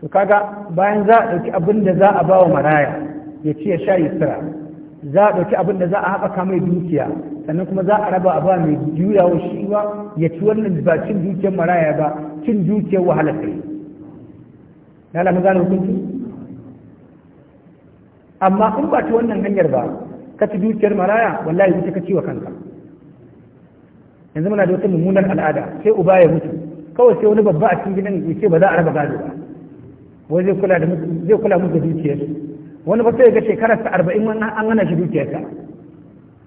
S1: to kaga bayan za a ɗauki abin da za a ba wa maraya ya ci ya sha yisra za a ɗauki abin da za a haɓaka mai dukiya sannan kuma za a raba a ba mai juyawa shi ba ya ci wannan ba cin dukiyar maraya ba cin dukiyar wahala kai na lamu gane hukunci amma in ba ci wannan hanyar ba ka ci dukiyar maraya wallahi ita ka ci wa kanka yanzu muna da wata mummunar al'ada sai uba ya mutu kawai sai wani babba a cikin gidan ya ce ba za a raba gado ba wai zai kula da zai kula musu dukiyar wani ba sai ga shekarar sa 40 an hana shi dukiyar sa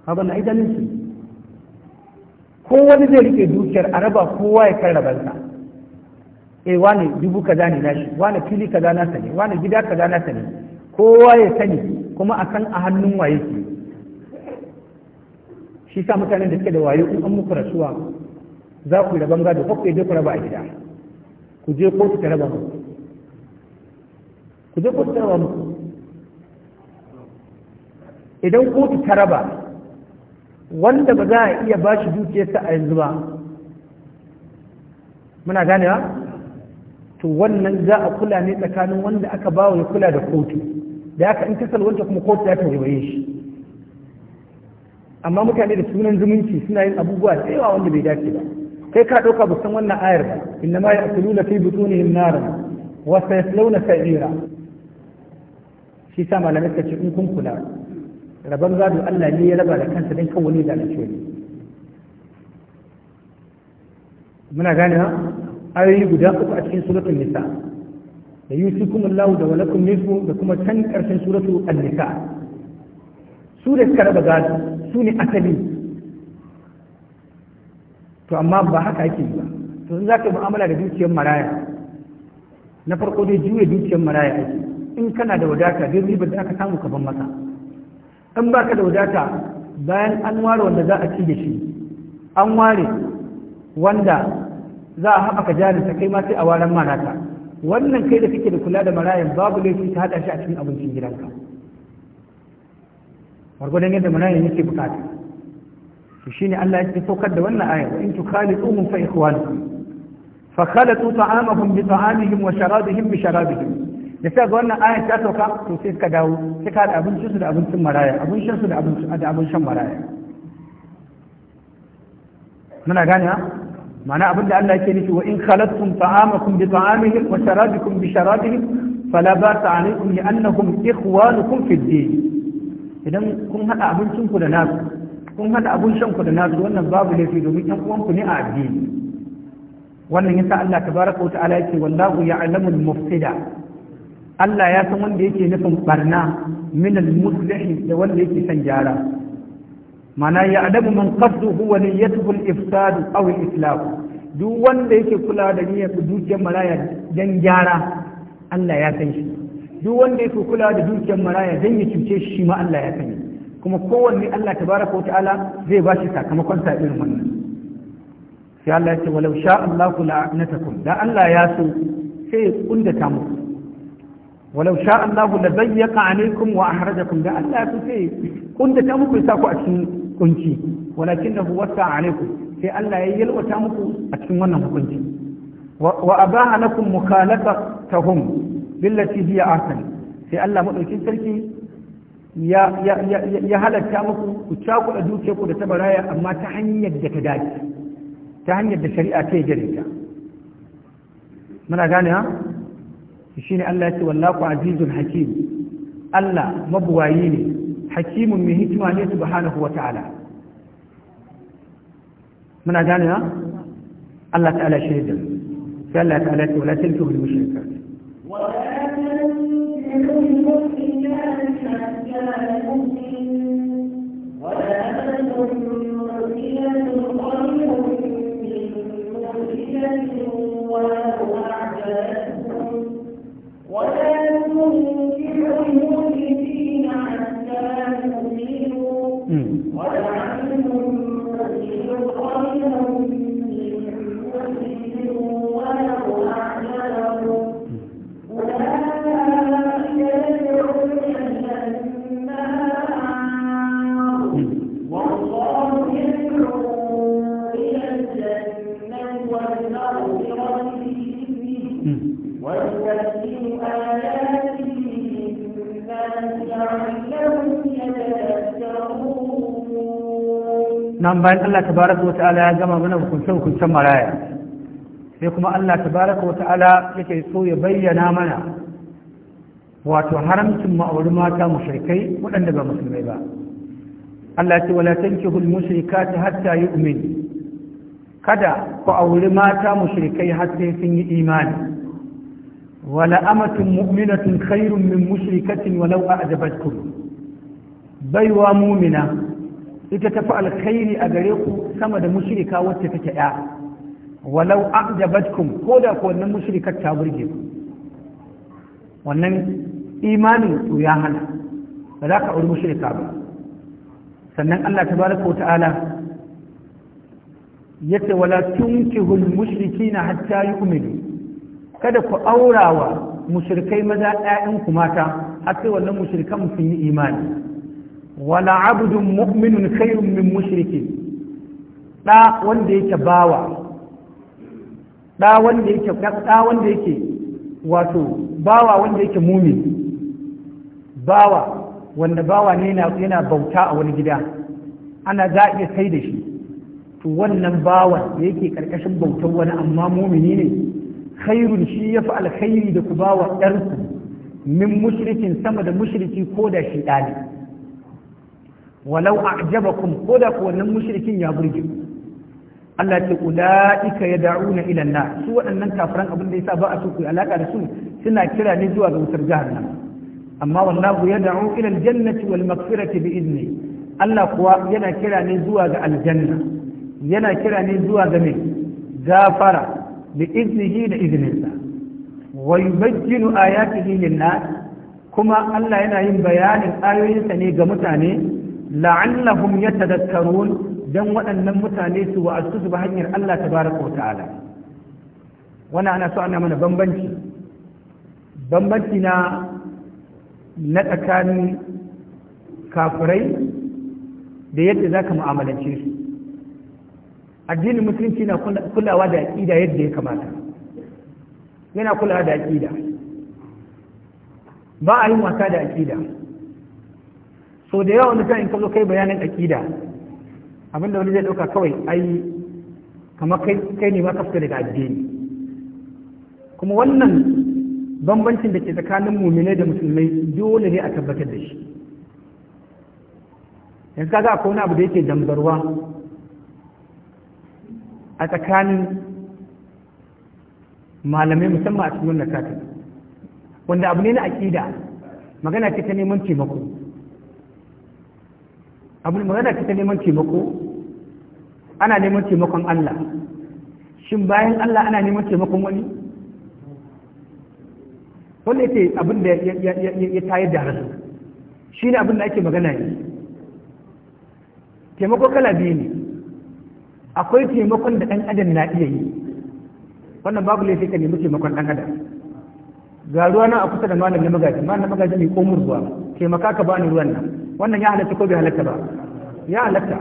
S1: haba na idan su ko wani zai rike dukiyar a raba kowa ya kai raban sa eh wani dubu kaza ne nashi wani fili kaza na sani wani gida kaza na sani kowa ya sani kuma a san a hannun waye ke shi sa mutanen da suke da wayo in an muku rasuwa za ku yi rabon gado kwakwai ku ku raba a gida ku je kotu ta raba muku ku je kotu ta raba muku idan kotu ta raba wanda ba za a iya ba shi dukiyarsa a yanzu ba muna ganewa to wannan za a kula ne tsakanin wanda aka ba ya kula da kotu da aka in ta wanda kuma kotu ta tawaye shi amma mutane da sunan zumunci suna yin abubuwa da yawa wanda bai dace ba kai ka ɗauka ba san wannan ayar ba inna ma la fi butunihim nara wa sayaslawna sa'ira shi sa malamai suka ce in kun kula rabban gado Allah ne ya raba da kansa don kan wani zalunci muna gane ayoyi guda uku a cikin suratul nisa da yusikum Allah da walakum nisfu da kuma can karshen suratul an-nisa su da suka raba gado su ne asali to amma ba haka ake ba to za ka mu'amala da dukiyar maraya na farko dai juya dukiyar maraya ake in kana da wadata dai riba da aka samu ka masa in baka da wadata bayan an ware wanda za a ci da shi an ware wanda za a haɓaka ta kai ma sai a waran marata wannan kai da kake da kula da marayan babu laifi ta haɗa shi a cikin abincin gidanka gwargwadon yadda munayin yake bukata to shine Allah yake saukar da wannan aya in tukhaliquhum fa ikhwanukum fa khalatu ta'amahum bi ta'amihim wa sharabihim bi sharabihim da sai ga wannan aya ta sauka to sai suka dawo sai ka da abincin su da abincin maraya abincin su da abincin da abincin maraya muna gane ha ma'ana abin da Allah yake nufi wa in khalattum ta'amakum bi ta'amihim wa sharabikum bi sharabihim fala ba'sa alaykum li annahum ikhwanukum fid din idan kun haɗa abincinku da nasu kun haɗa abin shanku da nasu wannan babu laifi domin ƴan uwanku ne a addini wannan yasa Allah tabaraka wa ta'ala yake wallahu ya'lamu al-mufsida Allah ya san wanda yake nufin barna min al-muslih da wanda yake san gyara mana ya'lamu man qasduhu wa niyyatuhu al-ifsad aw al-islah duk wanda yake kula da niyyar dukiyar malaya dan gyara Allah ya san shi duk wanda ya kula da dukiyar maraya zan yi cuce shi ma Allah ya sani kuma kowanne Allah tabaraka wa ta'ala zai bashi sakamakon sa irin wannan sai Allah ya ce walau sha Allah la'anatakum da Allah ya so sai ya ta muku walau sha Allah la bayyaka alaikum wa ahrajakum da Allah ya so sai kunda ta muku ya sa ku a cikin kunci walakinahu wasa alaikum sai Allah ya yalwata muku a cikin wannan hukunci wa abaha lakum mukalatahum billati hiya ahsan sai Allah madaukin sarki ya halatta muku ku cakuɗa dukiyar ku da ta baraya amma ta hanyar da ta dace ta hanyar da shari'a ta yi ta muna gane ha shi ne Allah ya ce wallahu azizun hakim Allah mabuwayi ne hakimun mai hikima ne subhanahu wata'ala muna gane ha Allah ta'ala shaida sai Allah ta'ala ya ce wala tilku bil mushrikeen ولا sannan bayan Allah tabaraka wa ta'ala ya gama mana hukunce hukuncen maraya sai kuma Allah tabaraka wa ta'ala yake so ya bayyana mana wato haramcin ma'auri mata mushrikai waɗanda ba musulmai ba Allah ce wala tankihul mushrikati hatta yu'min kada ku auri mata mushrikai har sai sun yi imani wala amatun mu'minatun khairun min mushrikatin walau a'jabatkum baiwa mu'mina ita tafi alkhairi a gare ku sama da mushrika wacce take ɗaya walau a'jabatkum ko da ku wannan mushrikar ta burge ku wannan imanin ku ya hana ba za ka auri mushrika ba sannan Allah baraka wa ta'ala yace wala tunkihul mushrikina hatta yu'minu kada ku aurawa mushrikai maza ɗayan ku mata har sai wannan mushrikan sun yi imani wala abdun mu'minun khairun min mushrikin da wanda yake bawa da wanda yake da wanda yake wato bawa wanda yake mumin bawa wanda bawa ne yana bauta a wani gida ana za iya sai da shi to wannan bawan da yake karkashin bautar wani amma mumini ne khairun shi ya fi alkhairi da ku bawa ɗarku min mushrikin sama da mushriki ko da shi ɗali walau a'jabakum ko da ko wannan mushrikin ya burge Allah ce ya da'u ila an su waɗannan kafiran abin da sa ba a so ku alaka da su suna kira ne zuwa ga wutar nan. amma wallahu yad'u ila al-jannati wal maghfirati bi Allah kuwa yana kira ne zuwa ga aljanna yana kira ne zuwa ga mai gafara bi iznihi da izninsa wa yubayyinu ayatihi lin-nas kuma Allah yana yin bayanin ayoyinsa ne ga mutane la'allahum yatadakkarun dan waɗannan mutane su wa'azu su hanyar Allah tabaraka wa ta'ala wannan ana so ana mana bambanci bambanci na na tsakanin kafirai da yadda za ka mu'amalance su addinin musulunci na kulawa da aƙida yadda ya kamata yana kulawa da aƙida ba a yin wasa da aƙida so da yawa wani sa'in ka zo kai bayanin akida abinda wani zai ɗauka kawai ai kamar kai ne maka fita daga addini kuma wannan bambancin da ke tsakanin muminai da musulmai dole ne a tabbatar da shi yanzu kaga akwai wani abu da yake dambarwa a tsakanin malamai musamman a cikin wannan satin wanda abu ne na akida magana ce ta neman taimako abin magana ka ta neman taimako ana neman taimakon Allah shin bayan Allah ana neman taimakon wani wanda yake abin da ya tayi da rasu shi ne abin da ake magana ne taimako kala biyu ne akwai taimakon da ɗan adam na iya yi wannan babu laifi ka nemi taimakon ɗan adam ga ruwa nan a kusa da malam na magaji malam na magaji ne komur ruwa taimaka ka bani ruwan nan wannan ya halatta ko bai halatta ba ya halatta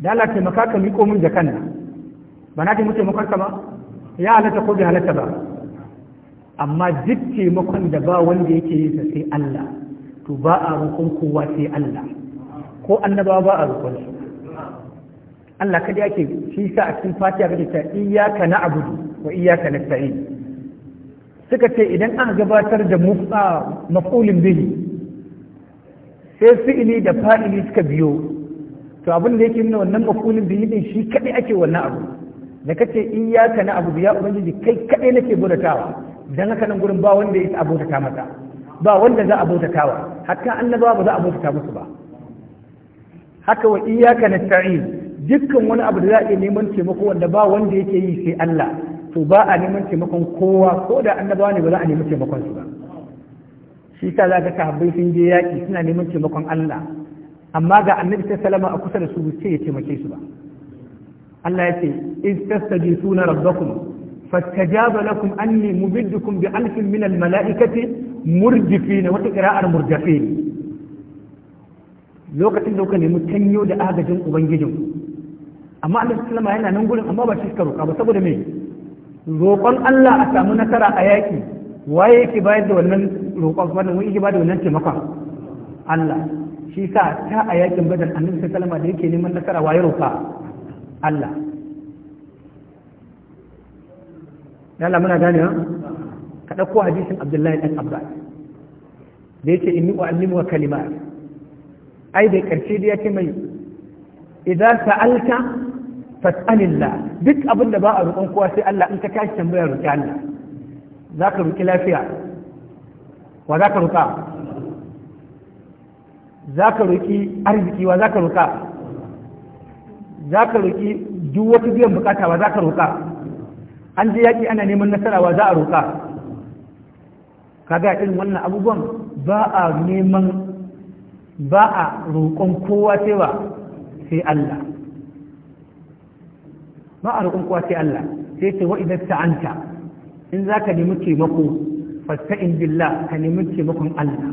S1: da Allah taimaka ka miko min jakan nan ba na taimaka taimakon ka ba ya halatta ko bai halatta ba amma duk taimakon da ba wanda yake yi sai Allah to ba a roƙon kowa sai Allah ko annabawa ba a roƙon su Allah kada yake shi sa a cikin fatiha kake ta iyyaka na'budu wa iyyaka nasta'in suka ce idan aka gabatar da maf'ulin bihi sai fi'ili da fa'ili suka biyo to abin da yake nuna wannan mafulin bihi din shi kadai ake wannan abu da kace iyyaka na abu biya ubangiji kai kadai nake bautatawa dan haka nan gurin ba wanda ya abota mata ba wanda za a bautatawa hatta annabawa ba za a bautata musu ba haka wa iyyaka nasta'in dukkan wani abu da za a iya neman taimako wanda ba wanda yake yi sai Allah to ba a neman taimakon kowa ko da annabawa ne ba za a nemi taimakon su ba shi sa za ka sahabbai sun je yaƙi suna neman taimakon Allah amma ga annabi ta salama a kusa da su sai ya taimake su ba Allah ya ce iz suna rabbakum fastajaba lakum anni mumiddukum bi alfin min al mala'ikati murjifina wata qira'ar murjafin lokacin da kuka nemi tanyo da agajin ubangijin, amma Allah sallama yana nan gurin amma ba shi suka roƙa ba saboda me roƙon Allah a samu nasara a yaƙi waye yake bayar da wannan roƙon wannan wani yake da wannan taimakon Allah shi sa ta a yakin badar annabi sallallahu alaihi da yake neman nasara waye roƙa Allah Allah muna gane ha ka dauko hadisin Abdullahi dan Abbas da yake inni uallimu wa kalimat ai da karshe da yake mai idan sa'alta fas'alillah duk abin da ba a roƙon kowa sai Allah in ka tashi tambaya roƙi Allah zaka roƙi lafiya wa za ka roƙa za ka roƙi arziki wa za ka roƙa za ka roƙi duk wata biyan bukata wa za ka roƙa an je yaƙi ana neman nasara wa za a roƙa kaga irin wannan abubuwan ba a neman ba a roƙon kowa sai sai Allah ba a roƙon kowa sai Allah sai ce wa idan ta'anta in za ka nemi taimako fasta'in billah ka nemi taimakon Allah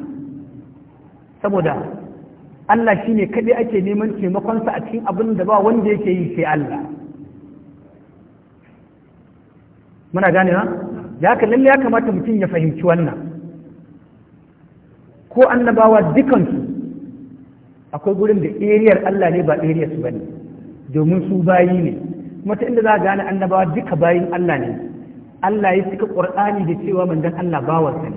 S1: saboda Allah shine kaɗai ake neman taimakonsa a cikin abin da ba wanda yake yi sai Allah muna gane ha ya ka lalle ya kamata mutum ya fahimci wannan ko annabawa dukansu akwai gurin da eriyar Allah ne ba eriyar su bane domin su bayi ne mata inda za a gane annabawa duka bayin Allah ne Allah ya cika Qur'ani da cewa manzon Allah bawan sa ne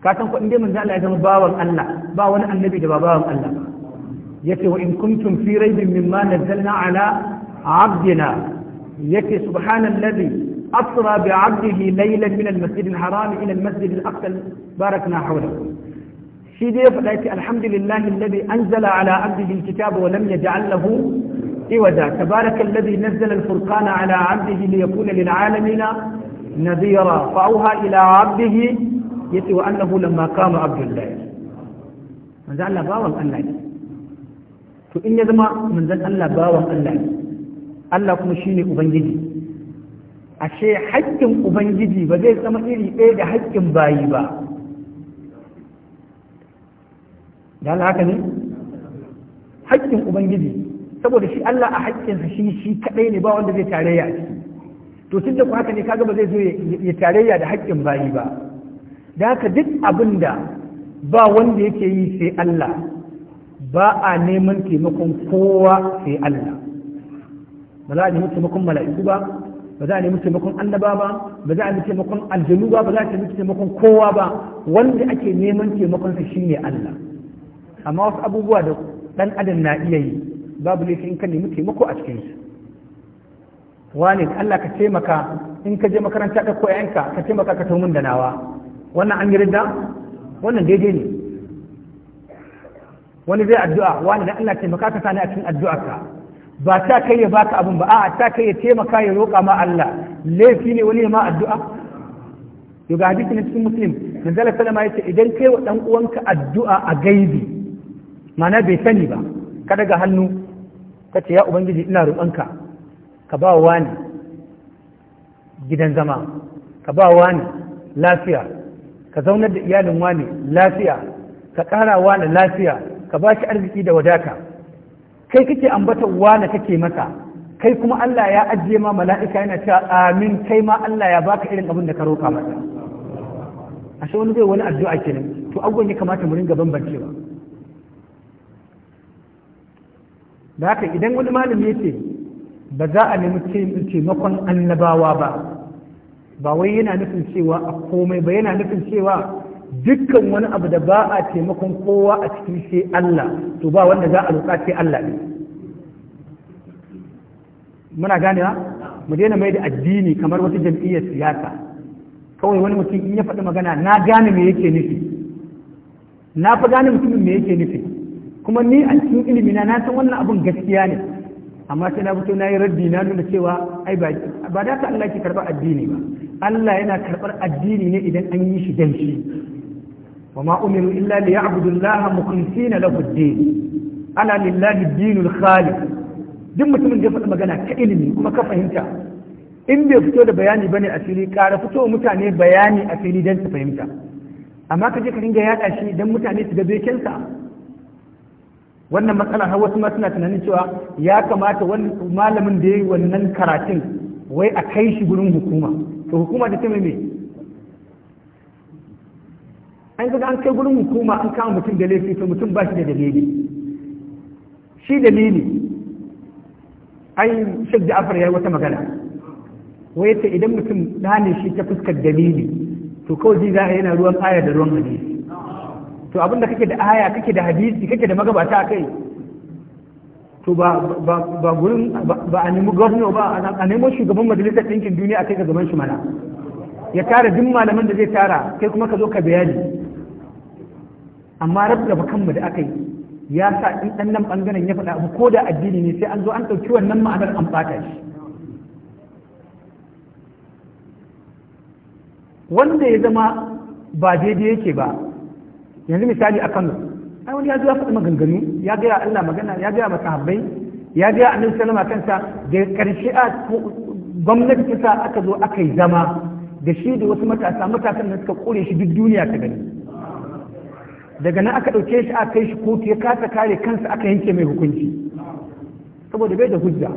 S1: ka san ko in manzon Allah ya zama bawan Allah ba wani annabi da ba bawan Allah yace wa in kuntum fi raibin mimma nazzalna ala abdina yace subhanallazi al-masjid al-haram ila al-masjid al-aqsa barakna hawla shi dai ya faɗa ki alhamdulillah alladhi anzala ala abdihi al-kitab wa lam yaj'al lahu iwaja tabaraka alladhi nazzala al-furqana ala abdihi liyakuna lil lil'alamina nadira fa auha ila abdihi yace wa annahu lamma kama abdullahi manzo Allah bawan Allah to in ya zama manzon Allah bawan Allah Allah kuma shine ubangiji ashe haƙƙin ubangiji ba zai zama iri ɗaya da haƙƙin ba da haka ne haƙƙin ubangiji saboda shi Allah a haƙƙinsa shi shi kaɗai ne ba wanda zai tarayya ciki to tun da ku haka ne kaga ba zai zo ya tarayya da haƙƙin bayi ba da haka duk abin da ba wanda yake yi sai Allah ba a neman taimakon kowa sai Allah ba za a nemi taimakon mala'iku ba ba za a nemi taimakon annaba ba ba za a nemi taimakon aljanu ba ba za a nemi taimakon kowa ba wanda ake neman taimakon sa shine Allah amma wasu abubuwa da dan adam na iya yi babu laifin in ka nemi taimako a cikin shi wani Allah ka taimaka in ka je makaranta ka koya yanka ka taimaka ka taumin da nawa wannan an yi ridda wannan daidai ne wani zai addu'a wani da Allah taimaka ka sani a cikin addu'arka ba ta kai ya baka abin ba a'a ta kai ya taimaka ya roƙa ma Allah laifi ne wani ya ma addu'a to ga hadisi na cikin muslim manzala ya yace idan kai wa dan uwanka addu'a a gaibi ma'ana bai sani ba ka daga hannu ka ce ya ubangiji ina roƙonka ka ba wa ne gidan zama ka ba wa ne lafiya ka zaunar da iyalin wani lafiya ka ƙara wa ne lafiya ka ba shi arziki da wadata kai kake ambatar wa ne kake masa kai kuma Allah ya ajiye ma mala'ika yana cewa amin kai ma Allah ya baka irin abin da ka roƙa masa shi wani zai wani addu'a kenan to abubuwan ya kamata mu ringa bambancewa da haka idan wani malami ya ce ba za a nemi taimakon annabawa ba ba wai yana nufin cewa a komai ba yana nufin cewa dukkan wani abu da ba a taimakon kowa a cikin sai Allah to ba wanda za a roƙa Allah ne muna ganewa mu daina mai da addini kamar wata jam'iyyar siyasa kawai wani mutum in ya faɗi magana na gane me yake nufi na fi gane mutumin me yake nufi kuma ni a cikin ilimina na san wannan abin gaskiya ne amma sai na fito na yi raddi na nuna cewa ai ba da ta Allah ke karɓar addini ba Allah yana karɓar addini ne idan an yi shi dan shi wa ma umiru illa li ya'budu Allah mukhlisina lahu ad-din lillahi dinul khalid duk mutumin da ya magana ta ilimi kuma ka fahimta in bai fito da bayani bane a fili ƙara fito mutane bayani a fili dan su fahimta amma ka je ka ringa yaɗa shi dan mutane su ga bekensa wannan matsala har wasu ma suna tunanin cewa ya kamata malamin da ya yi wannan karatun wai a kai shi gurin hukuma to hukuma da ta mai an ga an kai gurin hukuma an kama mutum da laifi to mutum ba shi da dalili shi dalili ai shek ja'afar ya yi wata magana wai ta idan mutum ɗane shi ta fuskar dalili to kawai zai za a yana ruwan aya da ruwan hadisi to abinda kake da aya kake da hadisi kake da magabata kai to ba ba gurin ba a nemi gwamna ba a nemi shugaban majalisar ɗinkin duniya a kai ga zaman shi mana ya tara duk malaman da zai tara kai kuma ka zo ka bayani amma rabu kanmu da aka yi ya sa in ɗan nan ɓangaren ya faɗa ko da addini ne sai an zo an ɗauki wannan ma'anar an ɓata shi wanda ya zama ba daidai yake ba yanzu misali a Kano ai wani ya zo ya faɗi maganganu ya gaya Allah magana ya gaya masahabai ya gaya annabi salama kansa da karshe a gwamnati kisa aka zo aka yi zama da shi da wasu matasa matasan da suka kore shi duk duniya ta gani daga nan aka ɗauke shi a kai shi kotu ya kasa kare kansa aka yanke mai hukunci saboda bai da hujja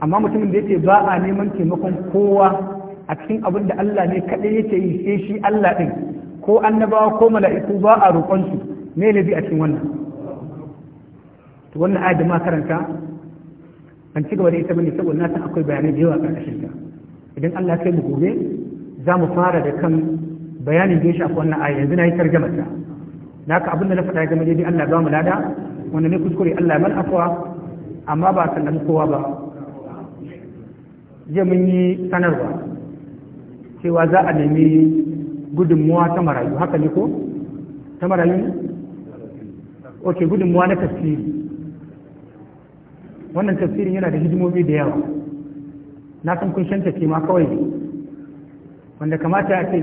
S1: amma mutumin da yake ba a neman taimakon kowa a cikin abin da Allah ne kaɗai yake yi sai shi Allah ɗin ko annabawa ko mala'iku ba a roƙon su me ne bi a cikin wannan to wannan ayat da ma karanta an ci gaba da ita bane saboda na san akwai bayanai da yawa ƙarƙashin ta idan Allah kai mu gobe za mu fara da kan bayanin da ya shafi wannan ayat yanzu na yi tarjama ta Da abin da na faɗa game da Allah ba mu lada wanda ne kuskure Allah man afwa amma ba sallamu kowa ba jiya mun yi sanarwa cewa za a nemi gudunmuwa ta marayu haka ne ko ta marayu ne ok gudunmuwa na tafsiri wannan tafsirin yana da hidimomi da yawa na san kun shanta ke ma kawai wanda kamata ya ce